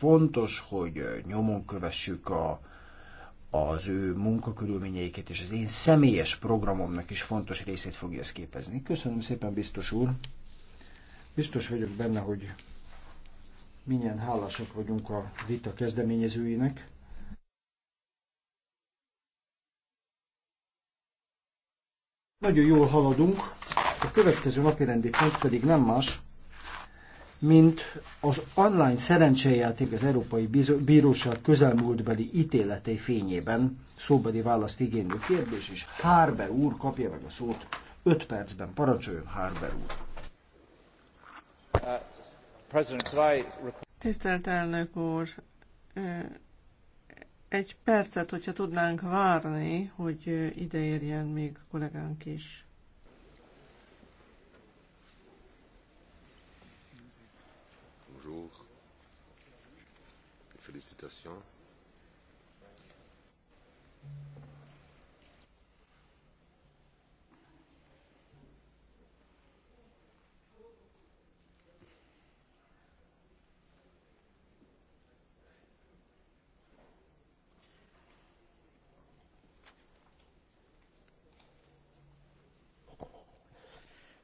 Fontos, hogy nyomon kövessük a, az ő munkakörülményeiket, és az én személyes programomnak is fontos részét fogja ezt képezni. Köszönöm szépen, biztos úr! Biztos vagyok benne, hogy milyen hálásak vagyunk a vita kezdeményezőinek. Nagyon jól haladunk, a következő napi rendi pont pedig nem más, mint az online szerencsejáték az Európai Bíróság közelmúltbeli ítéletei fényében szóbeli választ igénylő kérdés, és Hárber úr kapja meg a szót 5 percben. Parancsoljon Hárber úr! Tisztelt elnök úr! Egy percet, hogyha tudnánk várni, hogy ideérjen még kollégánk is. Bonjour. Félicitations.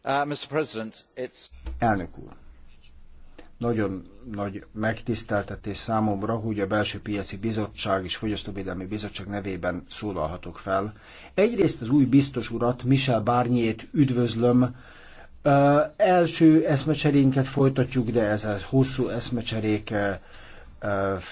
Uh, elnök úr! Nagyon nagy megtiszteltetés számomra, hogy a Belső Piaci Bizottság és Fogyasztóvédelmi Bizottság nevében szólalhatok fel. Egyrészt az új biztos urat, Michel Barnier-t üdvözlöm, Uh, első eszmecserénket folytatjuk, de ez a hosszú eszmecserék uh,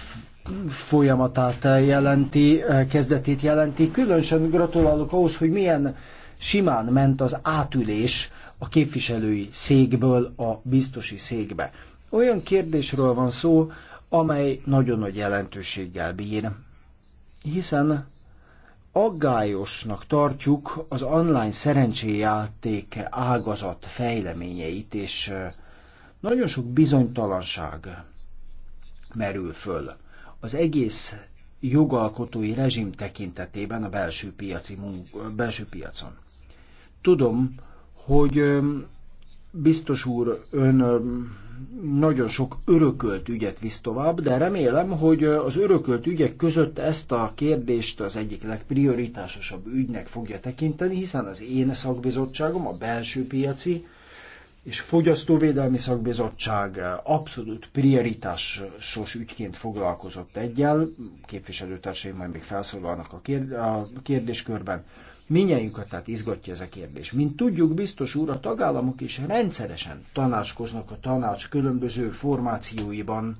folyamatát jelenti, uh, kezdetét jelenti. Különösen gratulálok ahhoz, hogy milyen simán ment az átülés a képviselői székből a biztosi székbe. Olyan kérdésről van szó, amely nagyon nagy jelentőséggel bír, hiszen aggályosnak tartjuk az online szerencséjáték ágazat fejleményeit, és nagyon sok bizonytalanság merül föl. Az egész jogalkotói rezsim tekintetében a belső, piaci, belső piacon. Tudom, hogy Biztos úr, ön nagyon sok örökölt ügyet visz tovább, de remélem, hogy az örökölt ügyek között ezt a kérdést az egyik legprioritásosabb ügynek fogja tekinteni, hiszen az én szakbizottságom, a belső piaci és fogyasztóvédelmi szakbizottság abszolút prioritásos ügyként foglalkozott egyel, képviselőtársaim majd még felszólalnak a kérdéskörben. Minnyájukat tehát izgatja ez a kérdés. Mint tudjuk, biztos úr, a tagállamok is rendszeresen tanácskoznak a tanács különböző formációiban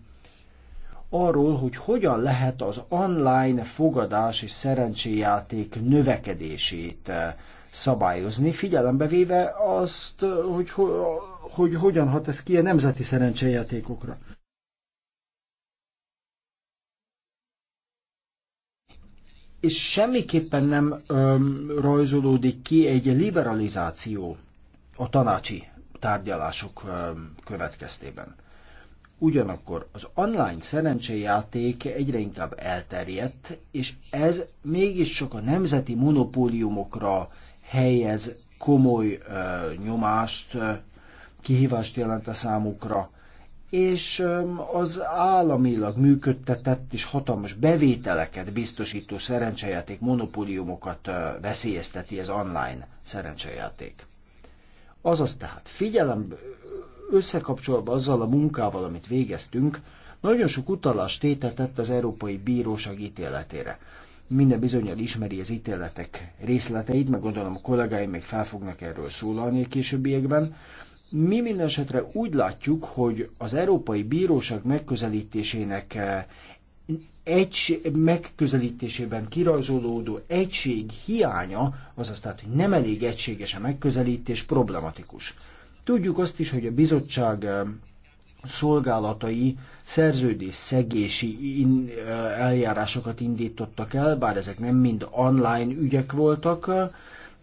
arról, hogy hogyan lehet az online fogadás és szerencséjáték növekedését eh, szabályozni, figyelembe véve azt, hogy, hogy hogyan hat ez ki a nemzeti szerencséjátékokra. és semmiképpen nem öm, rajzolódik ki egy liberalizáció a tanácsi tárgyalások öm, következtében. Ugyanakkor az online szerencséjáték egyre inkább elterjedt, és ez mégiscsak a nemzeti monopóliumokra helyez komoly ö, nyomást, ö, kihívást jelent a számukra, és az államilag működtetett és hatalmas bevételeket biztosító szerencsejáték monopóliumokat veszélyezteti ez online szerencsejáték. Azaz tehát figyelem összekapcsolva azzal a munkával, amit végeztünk, nagyon sok utalást tétetett az Európai Bíróság ítéletére. Minden bizonyal ismeri az ítéletek részleteit, meg gondolom a kollégáim még fel fognak erről szólalni a későbbiekben. Mi minden esetre úgy látjuk, hogy az Európai Bíróság megközelítésének eh, egy megközelítésében kirajzolódó egység hiánya, azaz tehát, hogy nem elég egységes a megközelítés, problematikus. Tudjuk azt is, hogy a bizottság eh, szolgálatai szerződés szegési in, eh, eljárásokat indítottak el, bár ezek nem mind online ügyek voltak,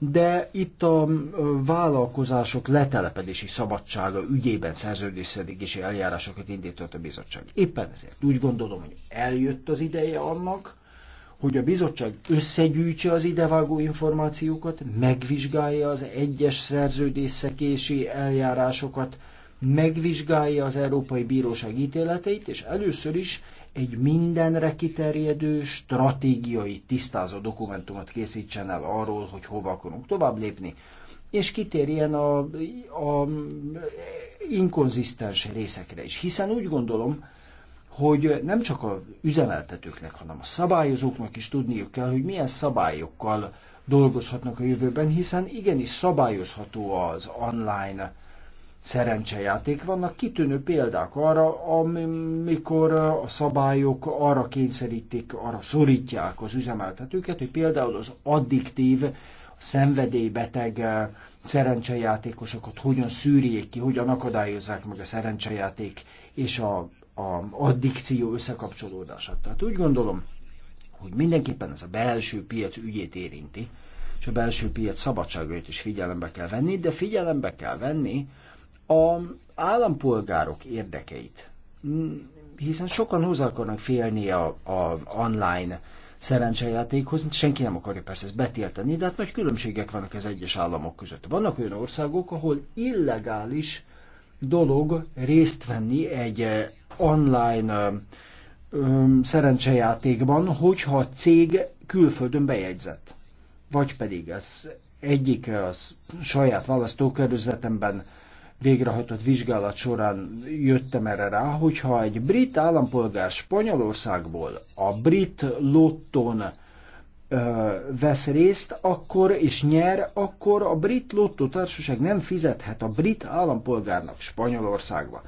de itt a vállalkozások letelepedési szabadsága ügyében szerződésszedési eljárásokat indított a bizottság. Éppen ezért úgy gondolom, hogy eljött az ideje annak, hogy a bizottság összegyűjtse az idevágó információkat, megvizsgálja az egyes szerződésszekési eljárásokat, megvizsgálja az Európai Bíróság ítéleteit, és először is egy mindenre kiterjedő, stratégiai, tisztázó dokumentumot készítsen el arról, hogy hova akarunk tovább lépni, és kitérjen a, a inkonzisztens részekre is. Hiszen úgy gondolom, hogy nem csak a üzemeltetőknek, hanem a szabályozóknak is tudniuk kell, hogy milyen szabályokkal dolgozhatnak a jövőben, hiszen igenis szabályozható az online szerencsejáték. Vannak kitűnő példák arra, amikor a szabályok arra kényszerítik, arra szorítják az üzemeltetőket, hogy például az addiktív, szenvedélybeteg eh, szerencsejátékosokat hogyan szűrjék ki, hogyan akadályozzák meg a szerencsejáték és a, a addikció összekapcsolódását. Tehát úgy gondolom, hogy mindenképpen ez a belső piac ügyét érinti, és a belső piac szabadságait is figyelembe kell venni, de figyelembe kell venni a állampolgárok érdekeit, hiszen sokan hozzá akarnak félni a, a online szerencsejátékhoz, senki nem akarja persze ezt betiltani, de hát nagy különbségek vannak az egyes államok között. Vannak olyan országok, ahol illegális dolog részt venni egy eh, online eh, öm, szerencsejátékban, hogyha a cég külföldön bejegyzett. Vagy pedig az egyik eh, az saját választókörzetemben végrehajtott vizsgálat során jöttem erre rá, hogyha egy brit állampolgár Spanyolországból a brit lotton ö, vesz részt, akkor és nyer, akkor a brit társaság nem fizethet a brit állampolgárnak Spanyolországba.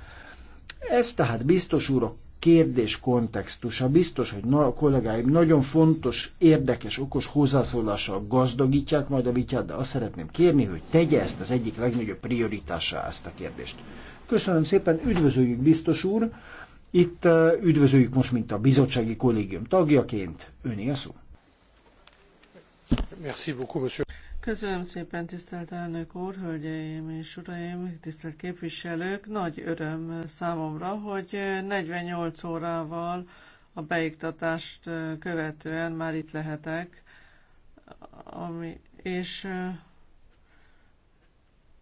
Ez tehát biztos úr a kérdés kontextusa. Biztos, hogy na, a kollégáim nagyon fontos, érdekes, okos hozzászólással gazdagítják majd a vitját, de azt szeretném kérni, hogy tegye ezt az egyik legnagyobb prioritásá ezt a kérdést. Köszönöm szépen, üdvözöljük biztos úr! Itt eh, üdvözöljük most, mint a bizottsági kollégium tagjaként, öné a szó. Merci beaucoup, monsieur. Köszönöm szépen, tisztelt elnök úr, hölgyeim és uraim, tisztelt képviselők! Nagy öröm számomra, hogy 48 órával a beiktatást követően már itt lehetek, ami, és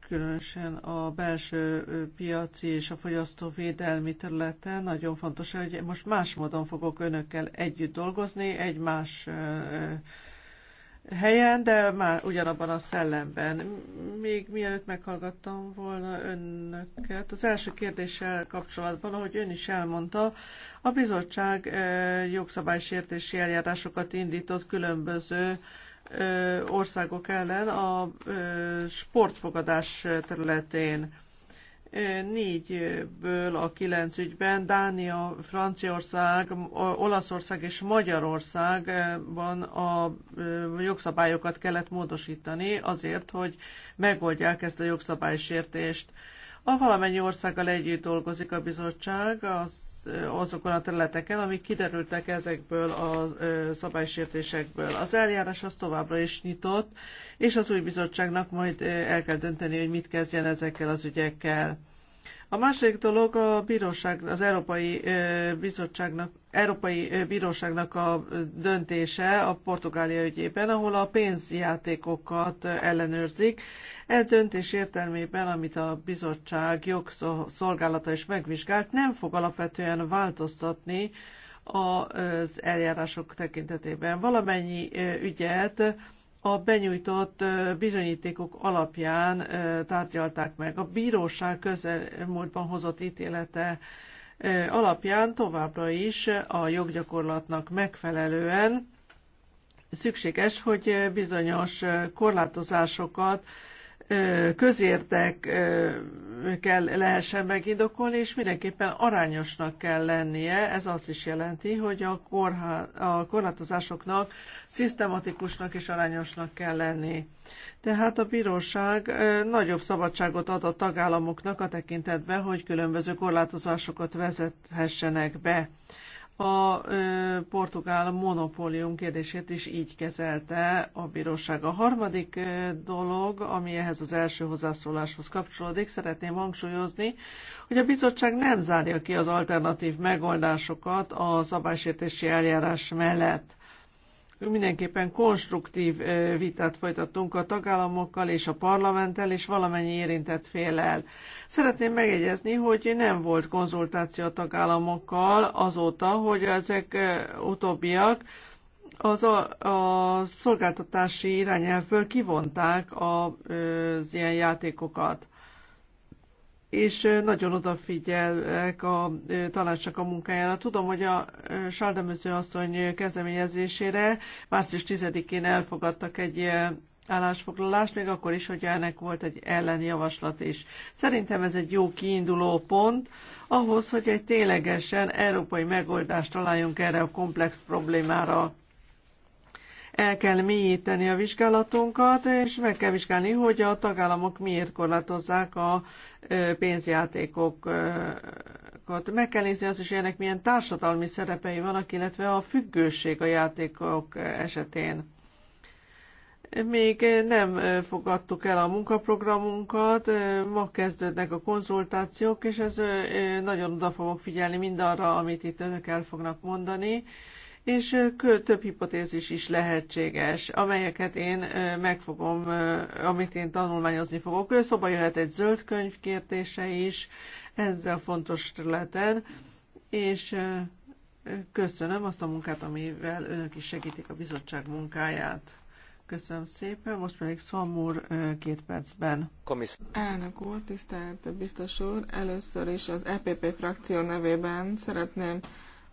különösen a belső piaci és a fogyasztóvédelmi területen nagyon fontos, hogy most más módon fogok önökkel együtt dolgozni, egy más helyen, de már ugyanabban a szellemben. Még mielőtt meghallgattam volna önöket, az első kérdéssel kapcsolatban, ahogy ön is elmondta, a bizottság eh, jogszabálysértési eljárásokat indított különböző eh, országok ellen a eh, sportfogadás területén. Négyből a kilenc ügyben Dánia, Franciaország, Olaszország és Magyarországban a jogszabályokat kellett módosítani azért, hogy megoldják ezt a jogszabálysértést. A valamennyi országgal együtt dolgozik a bizottság, az azokon a területeken, amik kiderültek ezekből a szabálysértésekből. Az eljárás az továbbra is nyitott, és az új bizottságnak majd el kell dönteni, hogy mit kezdjen ezekkel az ügyekkel. A második dolog a bíróság, az Európai Bizottságnak, Európai Bíróságnak a döntése a Portugália ügyében, ahol a pénzjátékokat ellenőrzik. E döntés értelmében, amit a bizottság jogszolgálata is megvizsgált, nem fog alapvetően változtatni az eljárások tekintetében. Valamennyi e, ügyet a benyújtott e, bizonyítékok alapján e, tárgyalták meg. A bíróság közelmúltban hozott ítélete alapján továbbra is a joggyakorlatnak megfelelően szükséges, hogy bizonyos korlátozásokat közértek kell lehessen megindokolni, és mindenképpen arányosnak kell lennie. Ez azt is jelenti, hogy a, korhá, a korlátozásoknak szisztematikusnak és arányosnak kell lenni. Tehát a bíróság nagyobb szabadságot ad a tagállamoknak a tekintetben, hogy különböző korlátozásokat vezethessenek be a portugál monopólium kérdését is így kezelte a bíróság. A harmadik dolog, ami ehhez az első hozzászóláshoz kapcsolódik, szeretném hangsúlyozni, hogy a bizottság nem zárja ki az alternatív megoldásokat a szabálysértési eljárás mellett mindenképpen konstruktív vitát folytattunk a tagállamokkal és a parlamenttel és valamennyi érintett félel. Szeretném megjegyezni, hogy nem volt konzultáció a tagállamokkal azóta, hogy ezek utóbbiak az a, a szolgáltatási irányelvből kivonták az ilyen játékokat és nagyon odafigyelek a tanácsnak a munkájára. Tudom, hogy a Sárdemöző asszony kezdeményezésére március 10-én elfogadtak egy állásfoglalást, még akkor is, hogy ennek volt egy ellenjavaslat is. Szerintem ez egy jó kiinduló pont ahhoz, hogy egy ténylegesen európai megoldást találjunk erre a komplex problémára. El kell mélyíteni a vizsgálatunkat, és meg kell vizsgálni, hogy a tagállamok miért korlátozzák a pénzjátékokat. Meg kell nézni azt is, hogy ennek milyen társadalmi szerepei vannak, illetve a függőség a játékok esetén. Még nem fogadtuk el a munkaprogramunkat, ma kezdődnek a konzultációk, és ez nagyon oda fogok figyelni mindarra, amit itt önök el fognak mondani, és több hipotézis is lehetséges, amelyeket én meg fogom, amit én tanulmányozni fogok. szóba jöhet egy zöld könyv kérdése is ezzel fontos területen, és köszönöm azt a munkát, amivel önök is segítik a bizottság munkáját. Köszönöm szépen, most pedig Szamúr két percben. Komissz. Elnök úr, tisztelt biztos úr, először is az EPP frakció nevében szeretném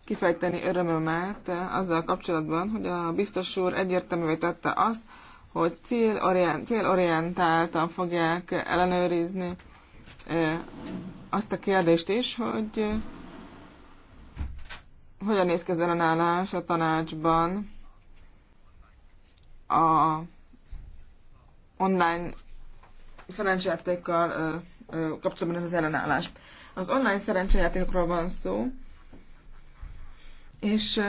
kifejteni örömömet azzal kapcsolatban, hogy a biztos úr egyértelművé tette azt, hogy célorient, célorientáltan fogják ellenőrizni azt a kérdést is, hogy hogyan néz ki az ellenállás a tanácsban a online szerencsejátékkal kapcsolatban ez az ellenállás. Az online szerencsejátékokról van szó, és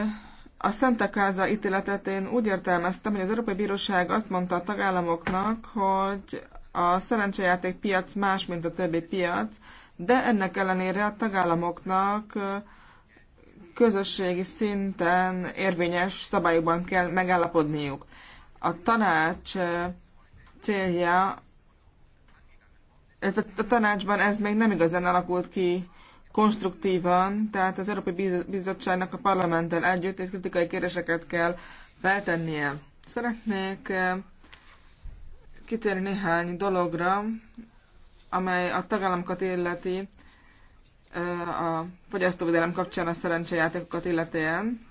a Santa Casa ítéletet én úgy értelmeztem, hogy az Európai Bíróság azt mondta a tagállamoknak, hogy a szerencsejáték piac más, mint a többi piac, de ennek ellenére a tagállamoknak közösségi szinten érvényes szabályokban kell megállapodniuk. A tanács célja, a tanácsban ez még nem igazán alakult ki konstruktívan, tehát az Európai Bizottságnak a parlamenttel együtt egy kritikai kérdéseket kell feltennie. Szeretnék eh, kitérni néhány dologra, amely a tagállamokat illeti, eh, a fogyasztóvédelem kapcsán a szerencsejátékokat illetően.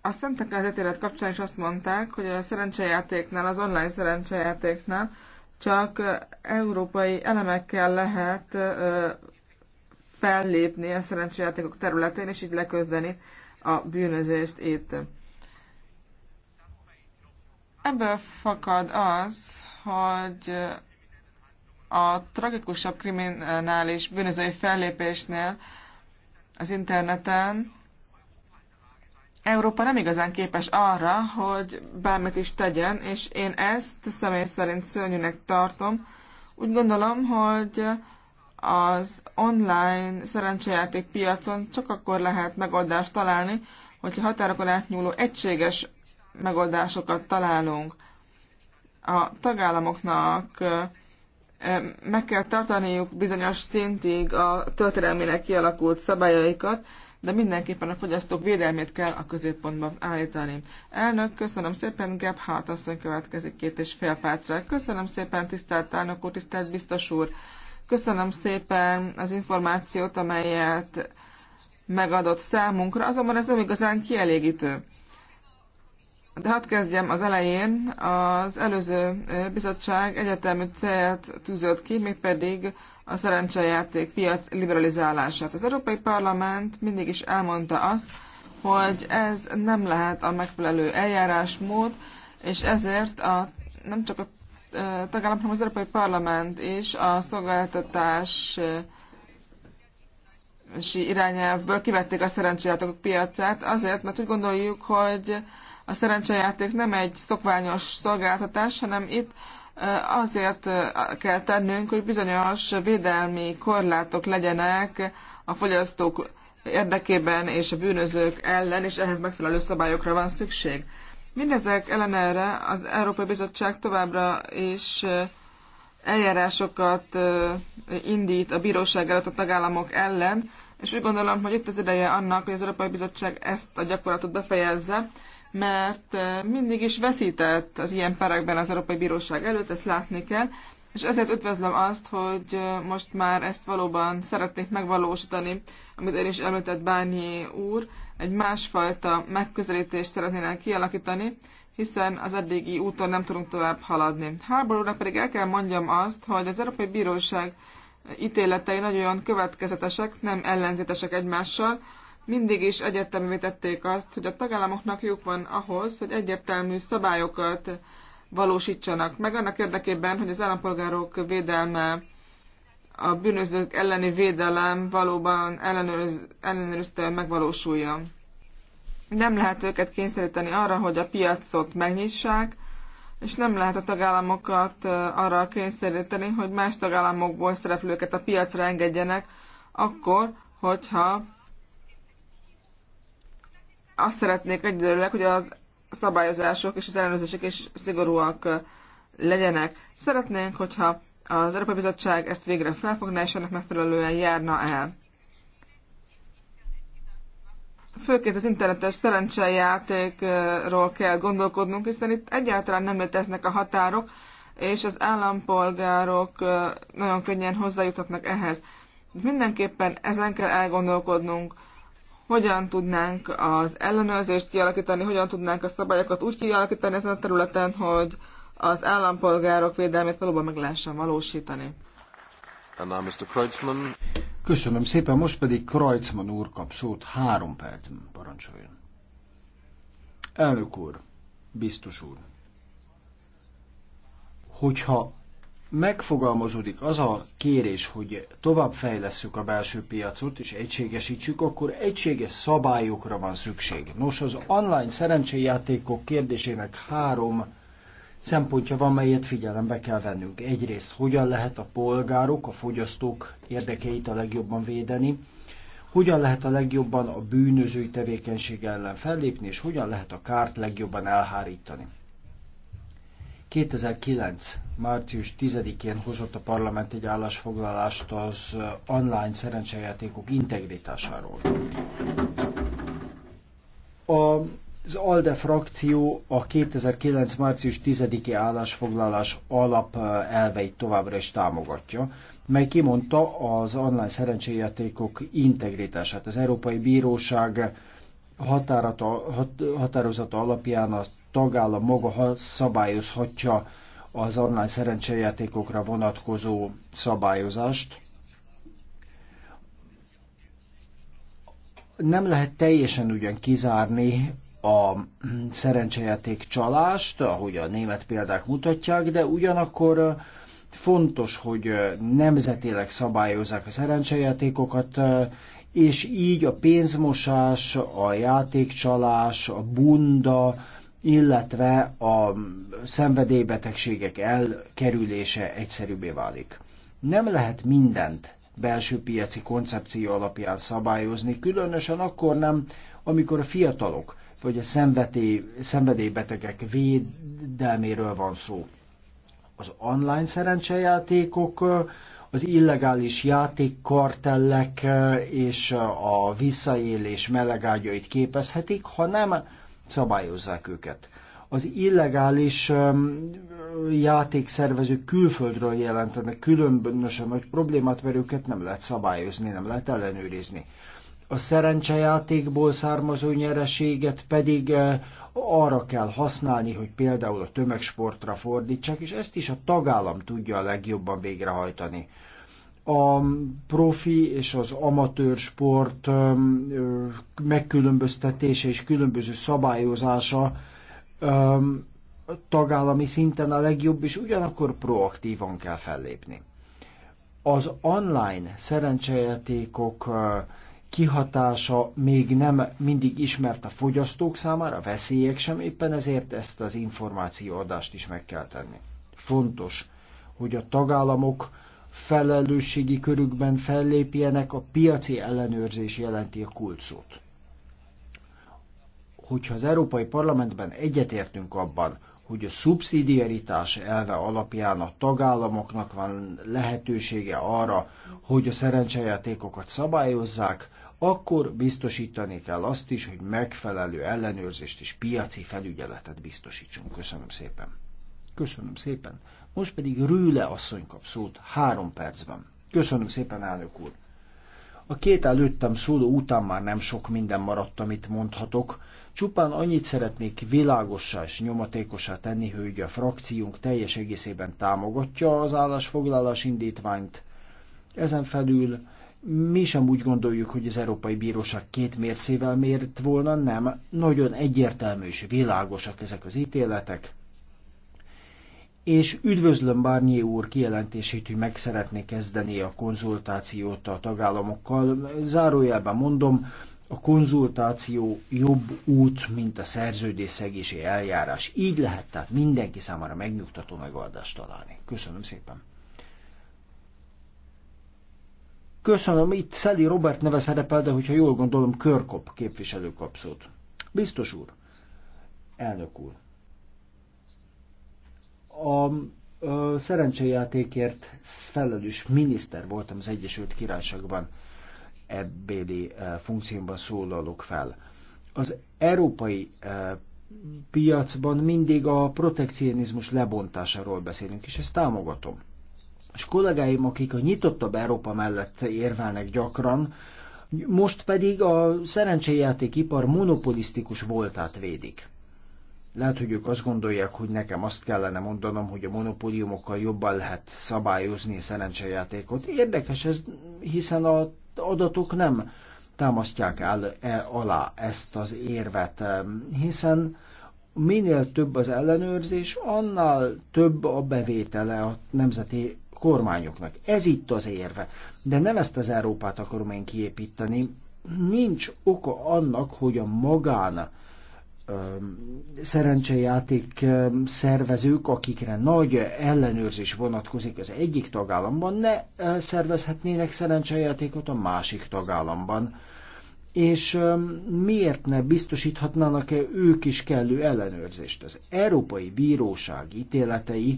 A szentek az kapcsán is azt mondták, hogy a szerencsejátéknál, az online szerencsejátéknál csak európai elemekkel lehet fellépni a szerencsejátékok területén, és így leközdeni a bűnözést itt. Ebből fakad az, hogy a tragikusabb kriminális bűnözői fellépésnél az interneten Európa nem igazán képes arra, hogy bármit is tegyen, és én ezt személy szerint szörnyűnek tartom. Úgy gondolom, hogy az online szerencsejáték piacon csak akkor lehet megoldást találni, hogyha határokon átnyúló egységes megoldásokat találunk. A tagállamoknak meg kell tartaniuk bizonyos szintig a történelmének kialakult szabályaikat, de mindenképpen a fogyasztók védelmét kell a középpontban állítani. Elnök, köszönöm szépen, Gebhardt asszony következik két és fél percre. Köszönöm szépen, tisztelt elnök úr, tisztelt biztos úr. Köszönöm szépen az információt, amelyet megadott számunkra, azonban ez nem igazán kielégítő. De hadd kezdjem az elején. Az előző bizottság egyetemű célt tűzött ki, mégpedig a szerencsejáték piac liberalizálását. Az Európai Parlament mindig is elmondta azt, hogy ez nem lehet a megfelelő eljárásmód, és ezért a, nem csak a tagállam, hanem az Európai Parlament is a szolgáltatás irányelvből kivették a szerencsejátékok piacát, azért, mert úgy gondoljuk, hogy a szerencsejáték nem egy szokványos szolgáltatás, hanem itt azért kell tennünk, hogy bizonyos védelmi korlátok legyenek a fogyasztók érdekében és a bűnözők ellen, és ehhez megfelelő szabályokra van szükség. Mindezek ellenére az Európai Bizottság továbbra is eljárásokat indít a bíróság előtt a tagállamok ellen, és úgy gondolom, hogy itt az ideje annak, hogy az Európai Bizottság ezt a gyakorlatot befejezze, mert eh, mindig is veszített az ilyen perekben az Európai Bíróság előtt, ezt látni kell, és ezért üdvözlöm azt, hogy eh, most már ezt valóban szeretnék megvalósítani, amit én is említett Bányi úr, egy másfajta megközelítést szeretnének kialakítani, hiszen az eddigi úton nem tudunk tovább haladni. Harbour pedig el kell mondjam azt, hogy az Európai Bíróság ítéletei nagyon következetesek, nem ellentétesek egymással, mindig is egyértelművé tették azt, hogy a tagállamoknak jók van ahhoz, hogy egyértelmű szabályokat valósítsanak meg annak érdekében, hogy az állampolgárok védelme, a bűnözők elleni védelem valóban ellenőrz, ellenőrizte megvalósuljon. Nem lehet őket kényszeríteni arra, hogy a piacot megnyissák, és nem lehet a tagállamokat arra kényszeríteni, hogy más tagállamokból szereplőket a piacra engedjenek, akkor, hogyha azt szeretnék egyidőleg, hogy az szabályozások és az ellenőrzések is szigorúak legyenek. Szeretnénk, hogyha az Európai Bizottság ezt végre felfogná, és ennek megfelelően járna el. Főként az internetes szerencsejátékról kell gondolkodnunk, hiszen itt egyáltalán nem léteznek a határok, és az állampolgárok nagyon könnyen hozzájuthatnak ehhez. Mindenképpen ezen kell elgondolkodnunk, hogyan tudnánk az ellenőrzést kialakítani, hogyan tudnánk a szabályokat úgy kialakítani ezen a területen, hogy az állampolgárok védelmét valóban meg lehessen valósítani. And now Mr. Kreutzmann. Köszönöm szépen, most pedig Kreutzmann úr kap szót, három percben parancsoljon. Elnök úr, biztos úr, hogyha megfogalmazódik az a kérés, hogy továbbfejlesszük a belső piacot és egységesítsük, akkor egységes szabályokra van szükség. Nos, az online szerencséjátékok kérdésének három szempontja van, melyet figyelembe kell vennünk. Egyrészt, hogyan lehet a polgárok, a fogyasztók érdekeit a legjobban védeni, hogyan lehet a legjobban a bűnözői tevékenység ellen fellépni, és hogyan lehet a kárt legjobban elhárítani. 2009. március 10-én hozott a parlament egy állásfoglalást az online szerencsejátékok integritásáról. A az ALDE frakció a 2009. március 10-i állásfoglalás alap elveit továbbra is támogatja, mely kimondta az online szerencséjátékok integritását. Az Európai Bíróság határata, hat, határozata alapján a tagállam maga szabályozhatja az online szerencsejátékokra vonatkozó szabályozást. Nem lehet teljesen ugyan kizárni a szerencsejáték csalást, ahogy a német példák mutatják, de ugyanakkor fontos, hogy nemzetileg szabályozzák a szerencsejátékokat, és így a pénzmosás, a játékcsalás, a bunda, illetve a szenvedélybetegségek elkerülése egyszerűbbé válik. Nem lehet mindent belső piaci koncepció alapján szabályozni, különösen akkor nem, amikor a fiatalok vagy a szenvedély, szenvedélybetegek védelméről van szó. Az online szerencsejátékok, az illegális játékkartellek és a visszaélés melegágyait képezhetik, ha nem szabályozzák őket. Az illegális játékszervezők külföldről jelentenek különbözően nagy problémát, mert őket nem lehet szabályozni, nem lehet ellenőrizni. A szerencsejátékból származó nyereséget pedig arra kell használni, hogy például a tömegsportra fordítsák, és ezt is a tagállam tudja a legjobban végrehajtani a profi és az amatőr sport megkülönböztetése és különböző szabályozása tagállami szinten a legjobb, és ugyanakkor proaktívan kell fellépni. Az online szerencsejátékok kihatása még nem mindig ismert a fogyasztók számára, a veszélyek sem, éppen ezért ezt az információadást is meg kell tenni. Fontos, hogy a tagállamok felelősségi körükben fellépjenek, a piaci ellenőrzés jelenti a kulcsot. Hogyha az Európai Parlamentben egyetértünk abban, hogy a szubszidiaritás elve alapján a tagállamoknak van lehetősége arra, hogy a szerencsejátékokat szabályozzák, akkor biztosítani kell azt is, hogy megfelelő ellenőrzést és piaci felügyeletet biztosítsunk. Köszönöm szépen. Köszönöm szépen. Most pedig Rüle asszony kap szót három percben. Köszönöm szépen, elnök úr! A két előttem szóló után már nem sok minden maradt, amit mondhatok. Csupán annyit szeretnék világossá és nyomatékosá tenni, hogy a frakciónk teljes egészében támogatja az állásfoglalás indítványt. Ezen felül mi sem úgy gondoljuk, hogy az Európai Bíróság két mércével mért volna, nem. Nagyon egyértelmű és világosak ezek az ítéletek és üdvözlöm Barnier úr kijelentését, hogy meg szeretné kezdeni a konzultációt a tagállamokkal. Zárójelben mondom, a konzultáció jobb út, mint a szegési eljárás. Így lehet tehát mindenki számára megnyugtató megoldást találni. Köszönöm szépen. Köszönöm, itt Szeli Robert neve szerepel, de hogyha jól gondolom, Körkop képviselő kapszót. Biztos úr, elnök úr, a szerencsejátékért felelős miniszter voltam az Egyesült Királyságban, ebbéli funkciómban szólalok fel. Az európai piacban mindig a protekcionizmus lebontásáról beszélünk, és ezt támogatom. És kollégáim, akik a nyitottabb Európa mellett érvelnek gyakran, most pedig a szerencsejátékipar monopolisztikus voltát védik. Lehet, hogy ők azt gondolják, hogy nekem azt kellene mondanom, hogy a monopóliumokkal jobban lehet szabályozni a szerencsejátékot. Érdekes ez, hiszen az adatok nem támasztják el, e, alá ezt az érvet, hiszen minél több az ellenőrzés, annál több a bevétele a nemzeti kormányoknak. Ez itt az érve. De nem ezt az Európát akarom én kiépíteni. Nincs oka annak, hogy a magán szerencsejáték szervezők, akikre nagy ellenőrzés vonatkozik az egyik tagállamban, ne szervezhetnének szerencsejátékot a másik tagállamban. És miért ne biztosíthatnának-e ők is kellő ellenőrzést? Az Európai Bíróság ítéletei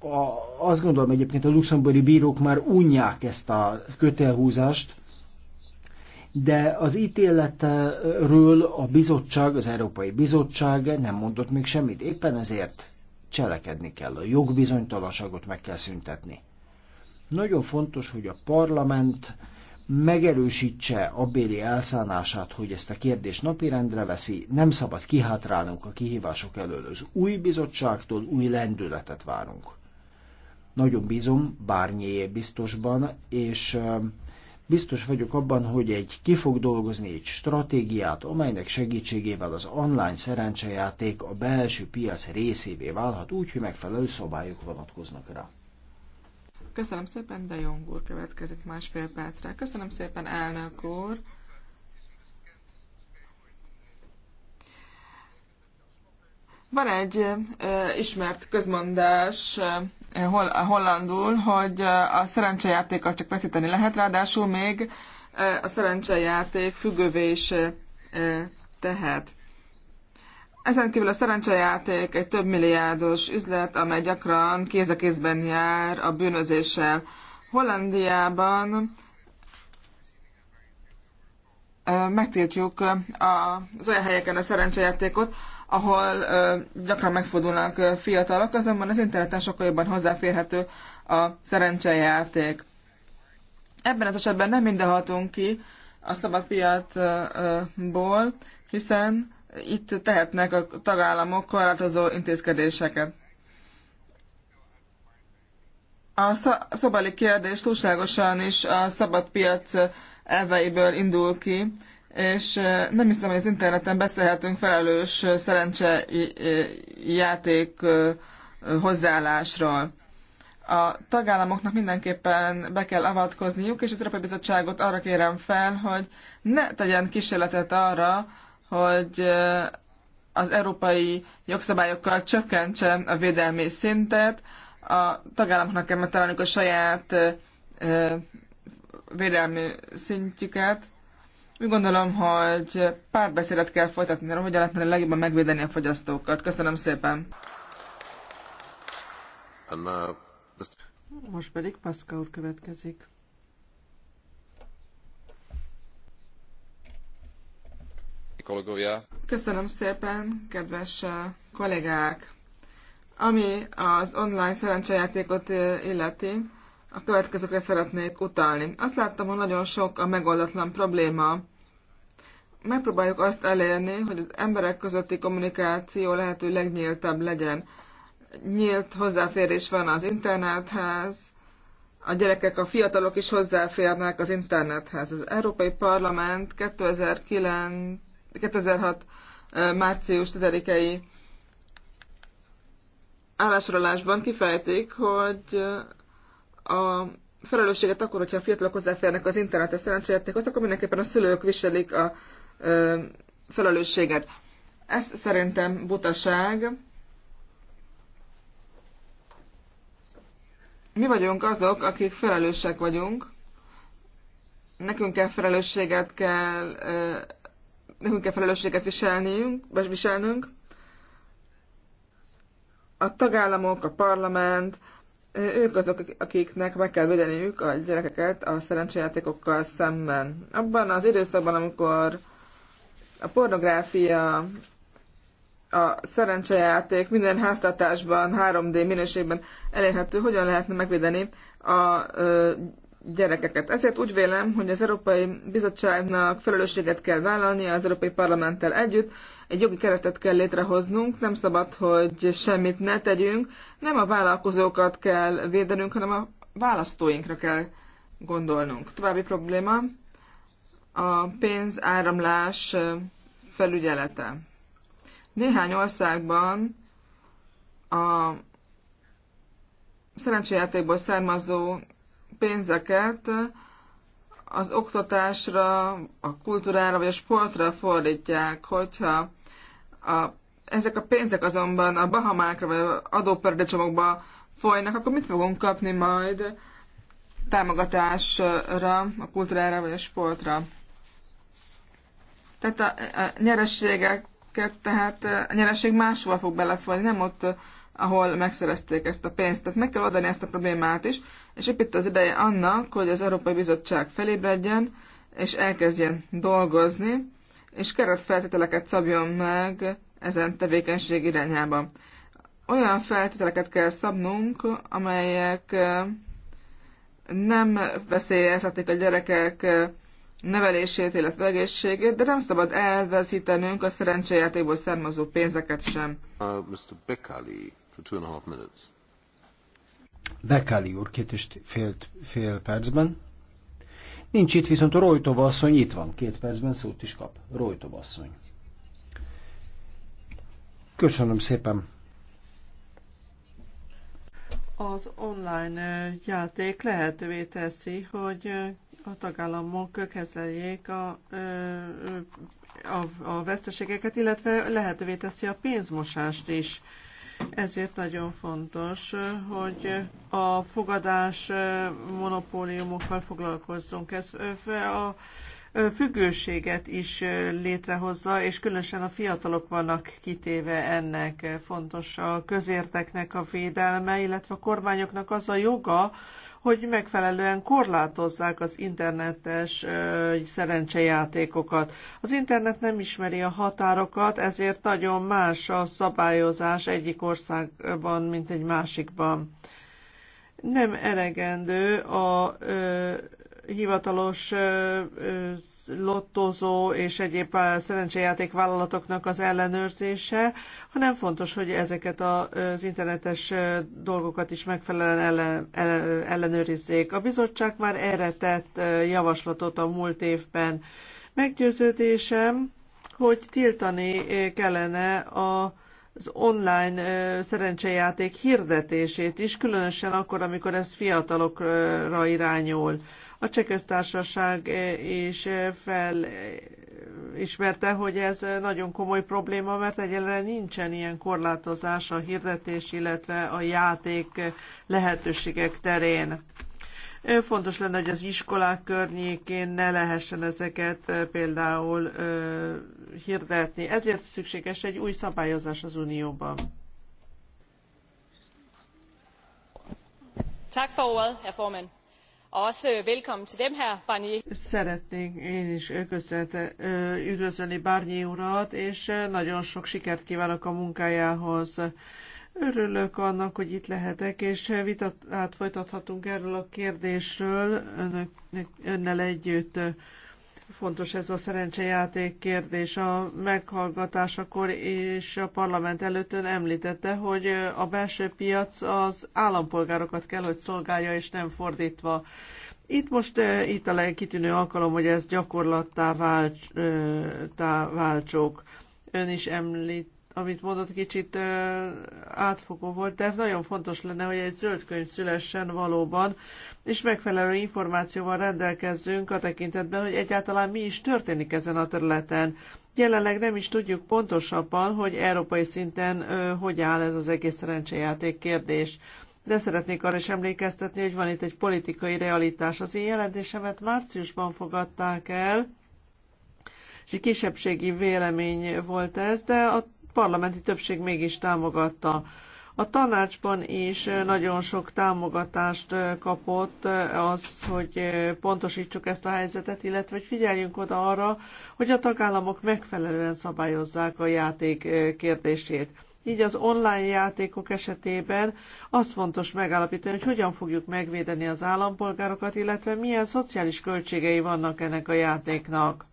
a, azt gondolom egyébként a luxemburgi bírók már unják ezt a kötelhúzást, de az ítéletről a bizottság, az Európai Bizottság nem mondott még semmit. Éppen ezért cselekedni kell, a jogbizonytalanságot meg kell szüntetni. Nagyon fontos, hogy a parlament megerősítse abbéli elszánását, hogy ezt a kérdést napirendre veszi, nem szabad kihátrálnunk a kihívások elől. Az új bizottságtól új lendületet várunk. Nagyon bízom Bárnyé biztosban, és Biztos vagyok abban, hogy egy ki fog dolgozni egy stratégiát, amelynek segítségével az online szerencsejáték a belső piac részévé válhat úgy, hogy megfelelő szabályok vonatkoznak rá. Köszönöm szépen, de Jong úr következik másfél percre. Köszönöm szépen, elnök úr. Van egy ö, ismert közmondás hollandul, hogy a szerencsejátékot csak veszíteni lehet, ráadásul még a szerencsejáték függővé is tehet. Ezen kívül a szerencsejáték egy több milliárdos üzlet, amely gyakran kéz a kézben jár a bűnözéssel. Hollandiában megtiltjuk az olyan helyeken a szerencsejátékot, ahol ö, gyakran megfordulnak ö, fiatalok, azonban az interneten sokkal jobban hozzáférhető a szerencsejáték. Ebben az esetben nem mindenhatunk ki a szabad piacból, hiszen itt tehetnek a tagállamok korlátozó intézkedéseket. A szobali kérdés túlságosan is a szabad piac elveiből indul ki, és nem hiszem, hogy az interneten beszélhetünk felelős szerencse játék hozzáállásról. A tagállamoknak mindenképpen be kell avatkozniuk, és az Európai Bizottságot arra kérem fel, hogy ne tegyen kísérletet arra, hogy az európai jogszabályokkal csökkentse a védelmi szintet. A tagállamoknak kell megtalálni a saját védelmi szintjüket, úgy gondolom, hogy párbeszédet kell folytatni, arra hogyan lehetne legjobban megvédeni a fogyasztókat. Köszönöm szépen! Most pedig Paszka úr következik. Köszönöm szépen, kedves eh, kollégák! Ami az online szerencsejátékot eh, illeti, a következőkre szeretnék utalni. Azt láttam, hogy nagyon sok a megoldatlan probléma. Megpróbáljuk azt elérni, hogy az emberek közötti kommunikáció lehető legnyíltabb legyen. Nyílt hozzáférés van az internethez, a gyerekek, a fiatalok is hozzáférnek az internethez. Az Európai Parlament 2009, 2006 március 10-i állásorolásban kifejtik, hogy a felelősséget akkor, hogyha a fiatalok hozzáférnek az internetes szerencsejátékhoz, akkor mindenképpen a szülők viselik a ö, felelősséget. Ez szerintem butaság. Mi vagyunk azok, akik felelősek vagyunk. Nekünk kell felelősséget kell, ö, nekünk kell felelősséget viselniünk, viselnünk. A tagállamok, a parlament, ők azok, akiknek meg kell védeniük a gyerekeket a szerencsejátékokkal szemben. Abban az időszakban, amikor a pornográfia, a szerencsejáték minden háztartásban, 3D minőségben elérhető, hogyan lehetne megvédeni a gyerekeket. Ezért úgy vélem, hogy az Európai Bizottságnak felelősséget kell vállalnia az Európai Parlamenttel együtt, egy jogi keretet kell létrehoznunk, nem szabad, hogy semmit ne tegyünk, nem a vállalkozókat kell védenünk, hanem a választóinkra kell gondolnunk. További probléma a pénzáramlás felügyelete. Néhány országban a szerencsejátékból származó pénzeket az oktatásra, a kultúrára vagy a sportra fordítják, hogyha a, ezek a pénzek azonban a Bahamákra vagy adóperdecsomagba folynak, akkor mit fogunk kapni majd támogatásra, a kultúrára vagy a sportra? Tehát a, a nyerességeket, tehát a nyereség máshova fog belefolyni, nem ott ahol megszerezték ezt a pénzt. Tehát meg kell oldani ezt a problémát is, és épp itt az ideje annak, hogy az Európai Bizottság felébredjen, és elkezdjen dolgozni, és keretfeltételeket szabjon meg ezen tevékenység irányába. Olyan feltételeket kell szabnunk, amelyek nem veszélyeztetik a gyerekek nevelését, illetve egészségét, de nem szabad elveszítenünk a szerencsejátékból származó pénzeket sem. Uh, Mr for two and a half minutes. Bekáli úr, két és fél, fél percben. Nincs itt, viszont a Rojtova asszony itt van. Két percben szót is kap. Rojtova asszony. Köszönöm szépen. Az online játék lehetővé teszi, hogy a tagállamok kezeljék a, a, a veszteségeket, illetve lehetővé teszi a pénzmosást is ezért nagyon fontos, hogy a fogadás monopóliumokkal foglalkozzunk. Ez a függőséget is létrehozza, és különösen a fiatalok vannak kitéve ennek. Fontos a közérteknek a védelme, illetve a kormányoknak az a joga, hogy megfelelően korlátozzák az internetes szerencsejátékokat. Az internet nem ismeri a határokat, ezért nagyon más a szabályozás egyik országban, mint egy másikban. Nem elegendő a hivatalos lottozó és egyéb szerencsejáték vállalatoknak az ellenőrzése, hanem fontos, hogy ezeket az internetes dolgokat is megfelelően ellenőrizzék. A bizottság már erre tett javaslatot a múlt évben. Meggyőződésem, hogy tiltani kellene a az online szerencsejáték hirdetését is, különösen akkor, amikor ez fiatalokra irányul. A Csekeztársaság eh, is eh, fel eh, ismerte, hogy ez nagyon komoly probléma, mert egyelőre nincsen ilyen korlátozás a hirdetés, illetve a játék lehetőségek terén. Fontos lenne, hogy az iskolák környékén ne lehessen ezeket például hirdetni. Ezért szükséges egy új szabályozás az Unióban. Tak for ordet, herr formand. Barnier. Szeretnék én is üdvözölni Barnier urat, és nagyon sok sikert kívánok a munkájához. Örülök annak, hogy itt lehetek, és vitát folytathatunk erről a kérdésről önök, önnel együtt fontos ez a szerencsejáték kérdés. A meghallgatásakor és a parlament előtt ön említette, hogy a belső piac az állampolgárokat kell, hogy szolgálja, és nem fordítva. Itt most eh, itt a legkitűnő alkalom, hogy ez gyakorlattá eh, válts, Ön is említ, amit mondott, kicsit átfogó volt, de nagyon fontos lenne, hogy egy zöld könyv szülessen valóban, és megfelelő információval rendelkezzünk a tekintetben, hogy egyáltalán mi is történik ezen a területen. Jelenleg nem is tudjuk pontosabban, hogy európai szinten ö, hogy áll ez az egész szerencsejáték kérdés. De szeretnék arra is emlékeztetni, hogy van itt egy politikai realitás. Az én jelentésemet márciusban fogadták el, és egy kisebbségi vélemény volt ez, de a parlamenti többség mégis támogatta. A tanácsban is nagyon sok támogatást kapott az, hogy pontosítsuk ezt a helyzetet, illetve hogy figyeljünk oda arra, hogy a tagállamok megfelelően szabályozzák a játék kérdését. Így az online játékok esetében az fontos megállapítani, hogy hogyan fogjuk megvédeni az állampolgárokat, illetve milyen szociális költségei vannak ennek a játéknak.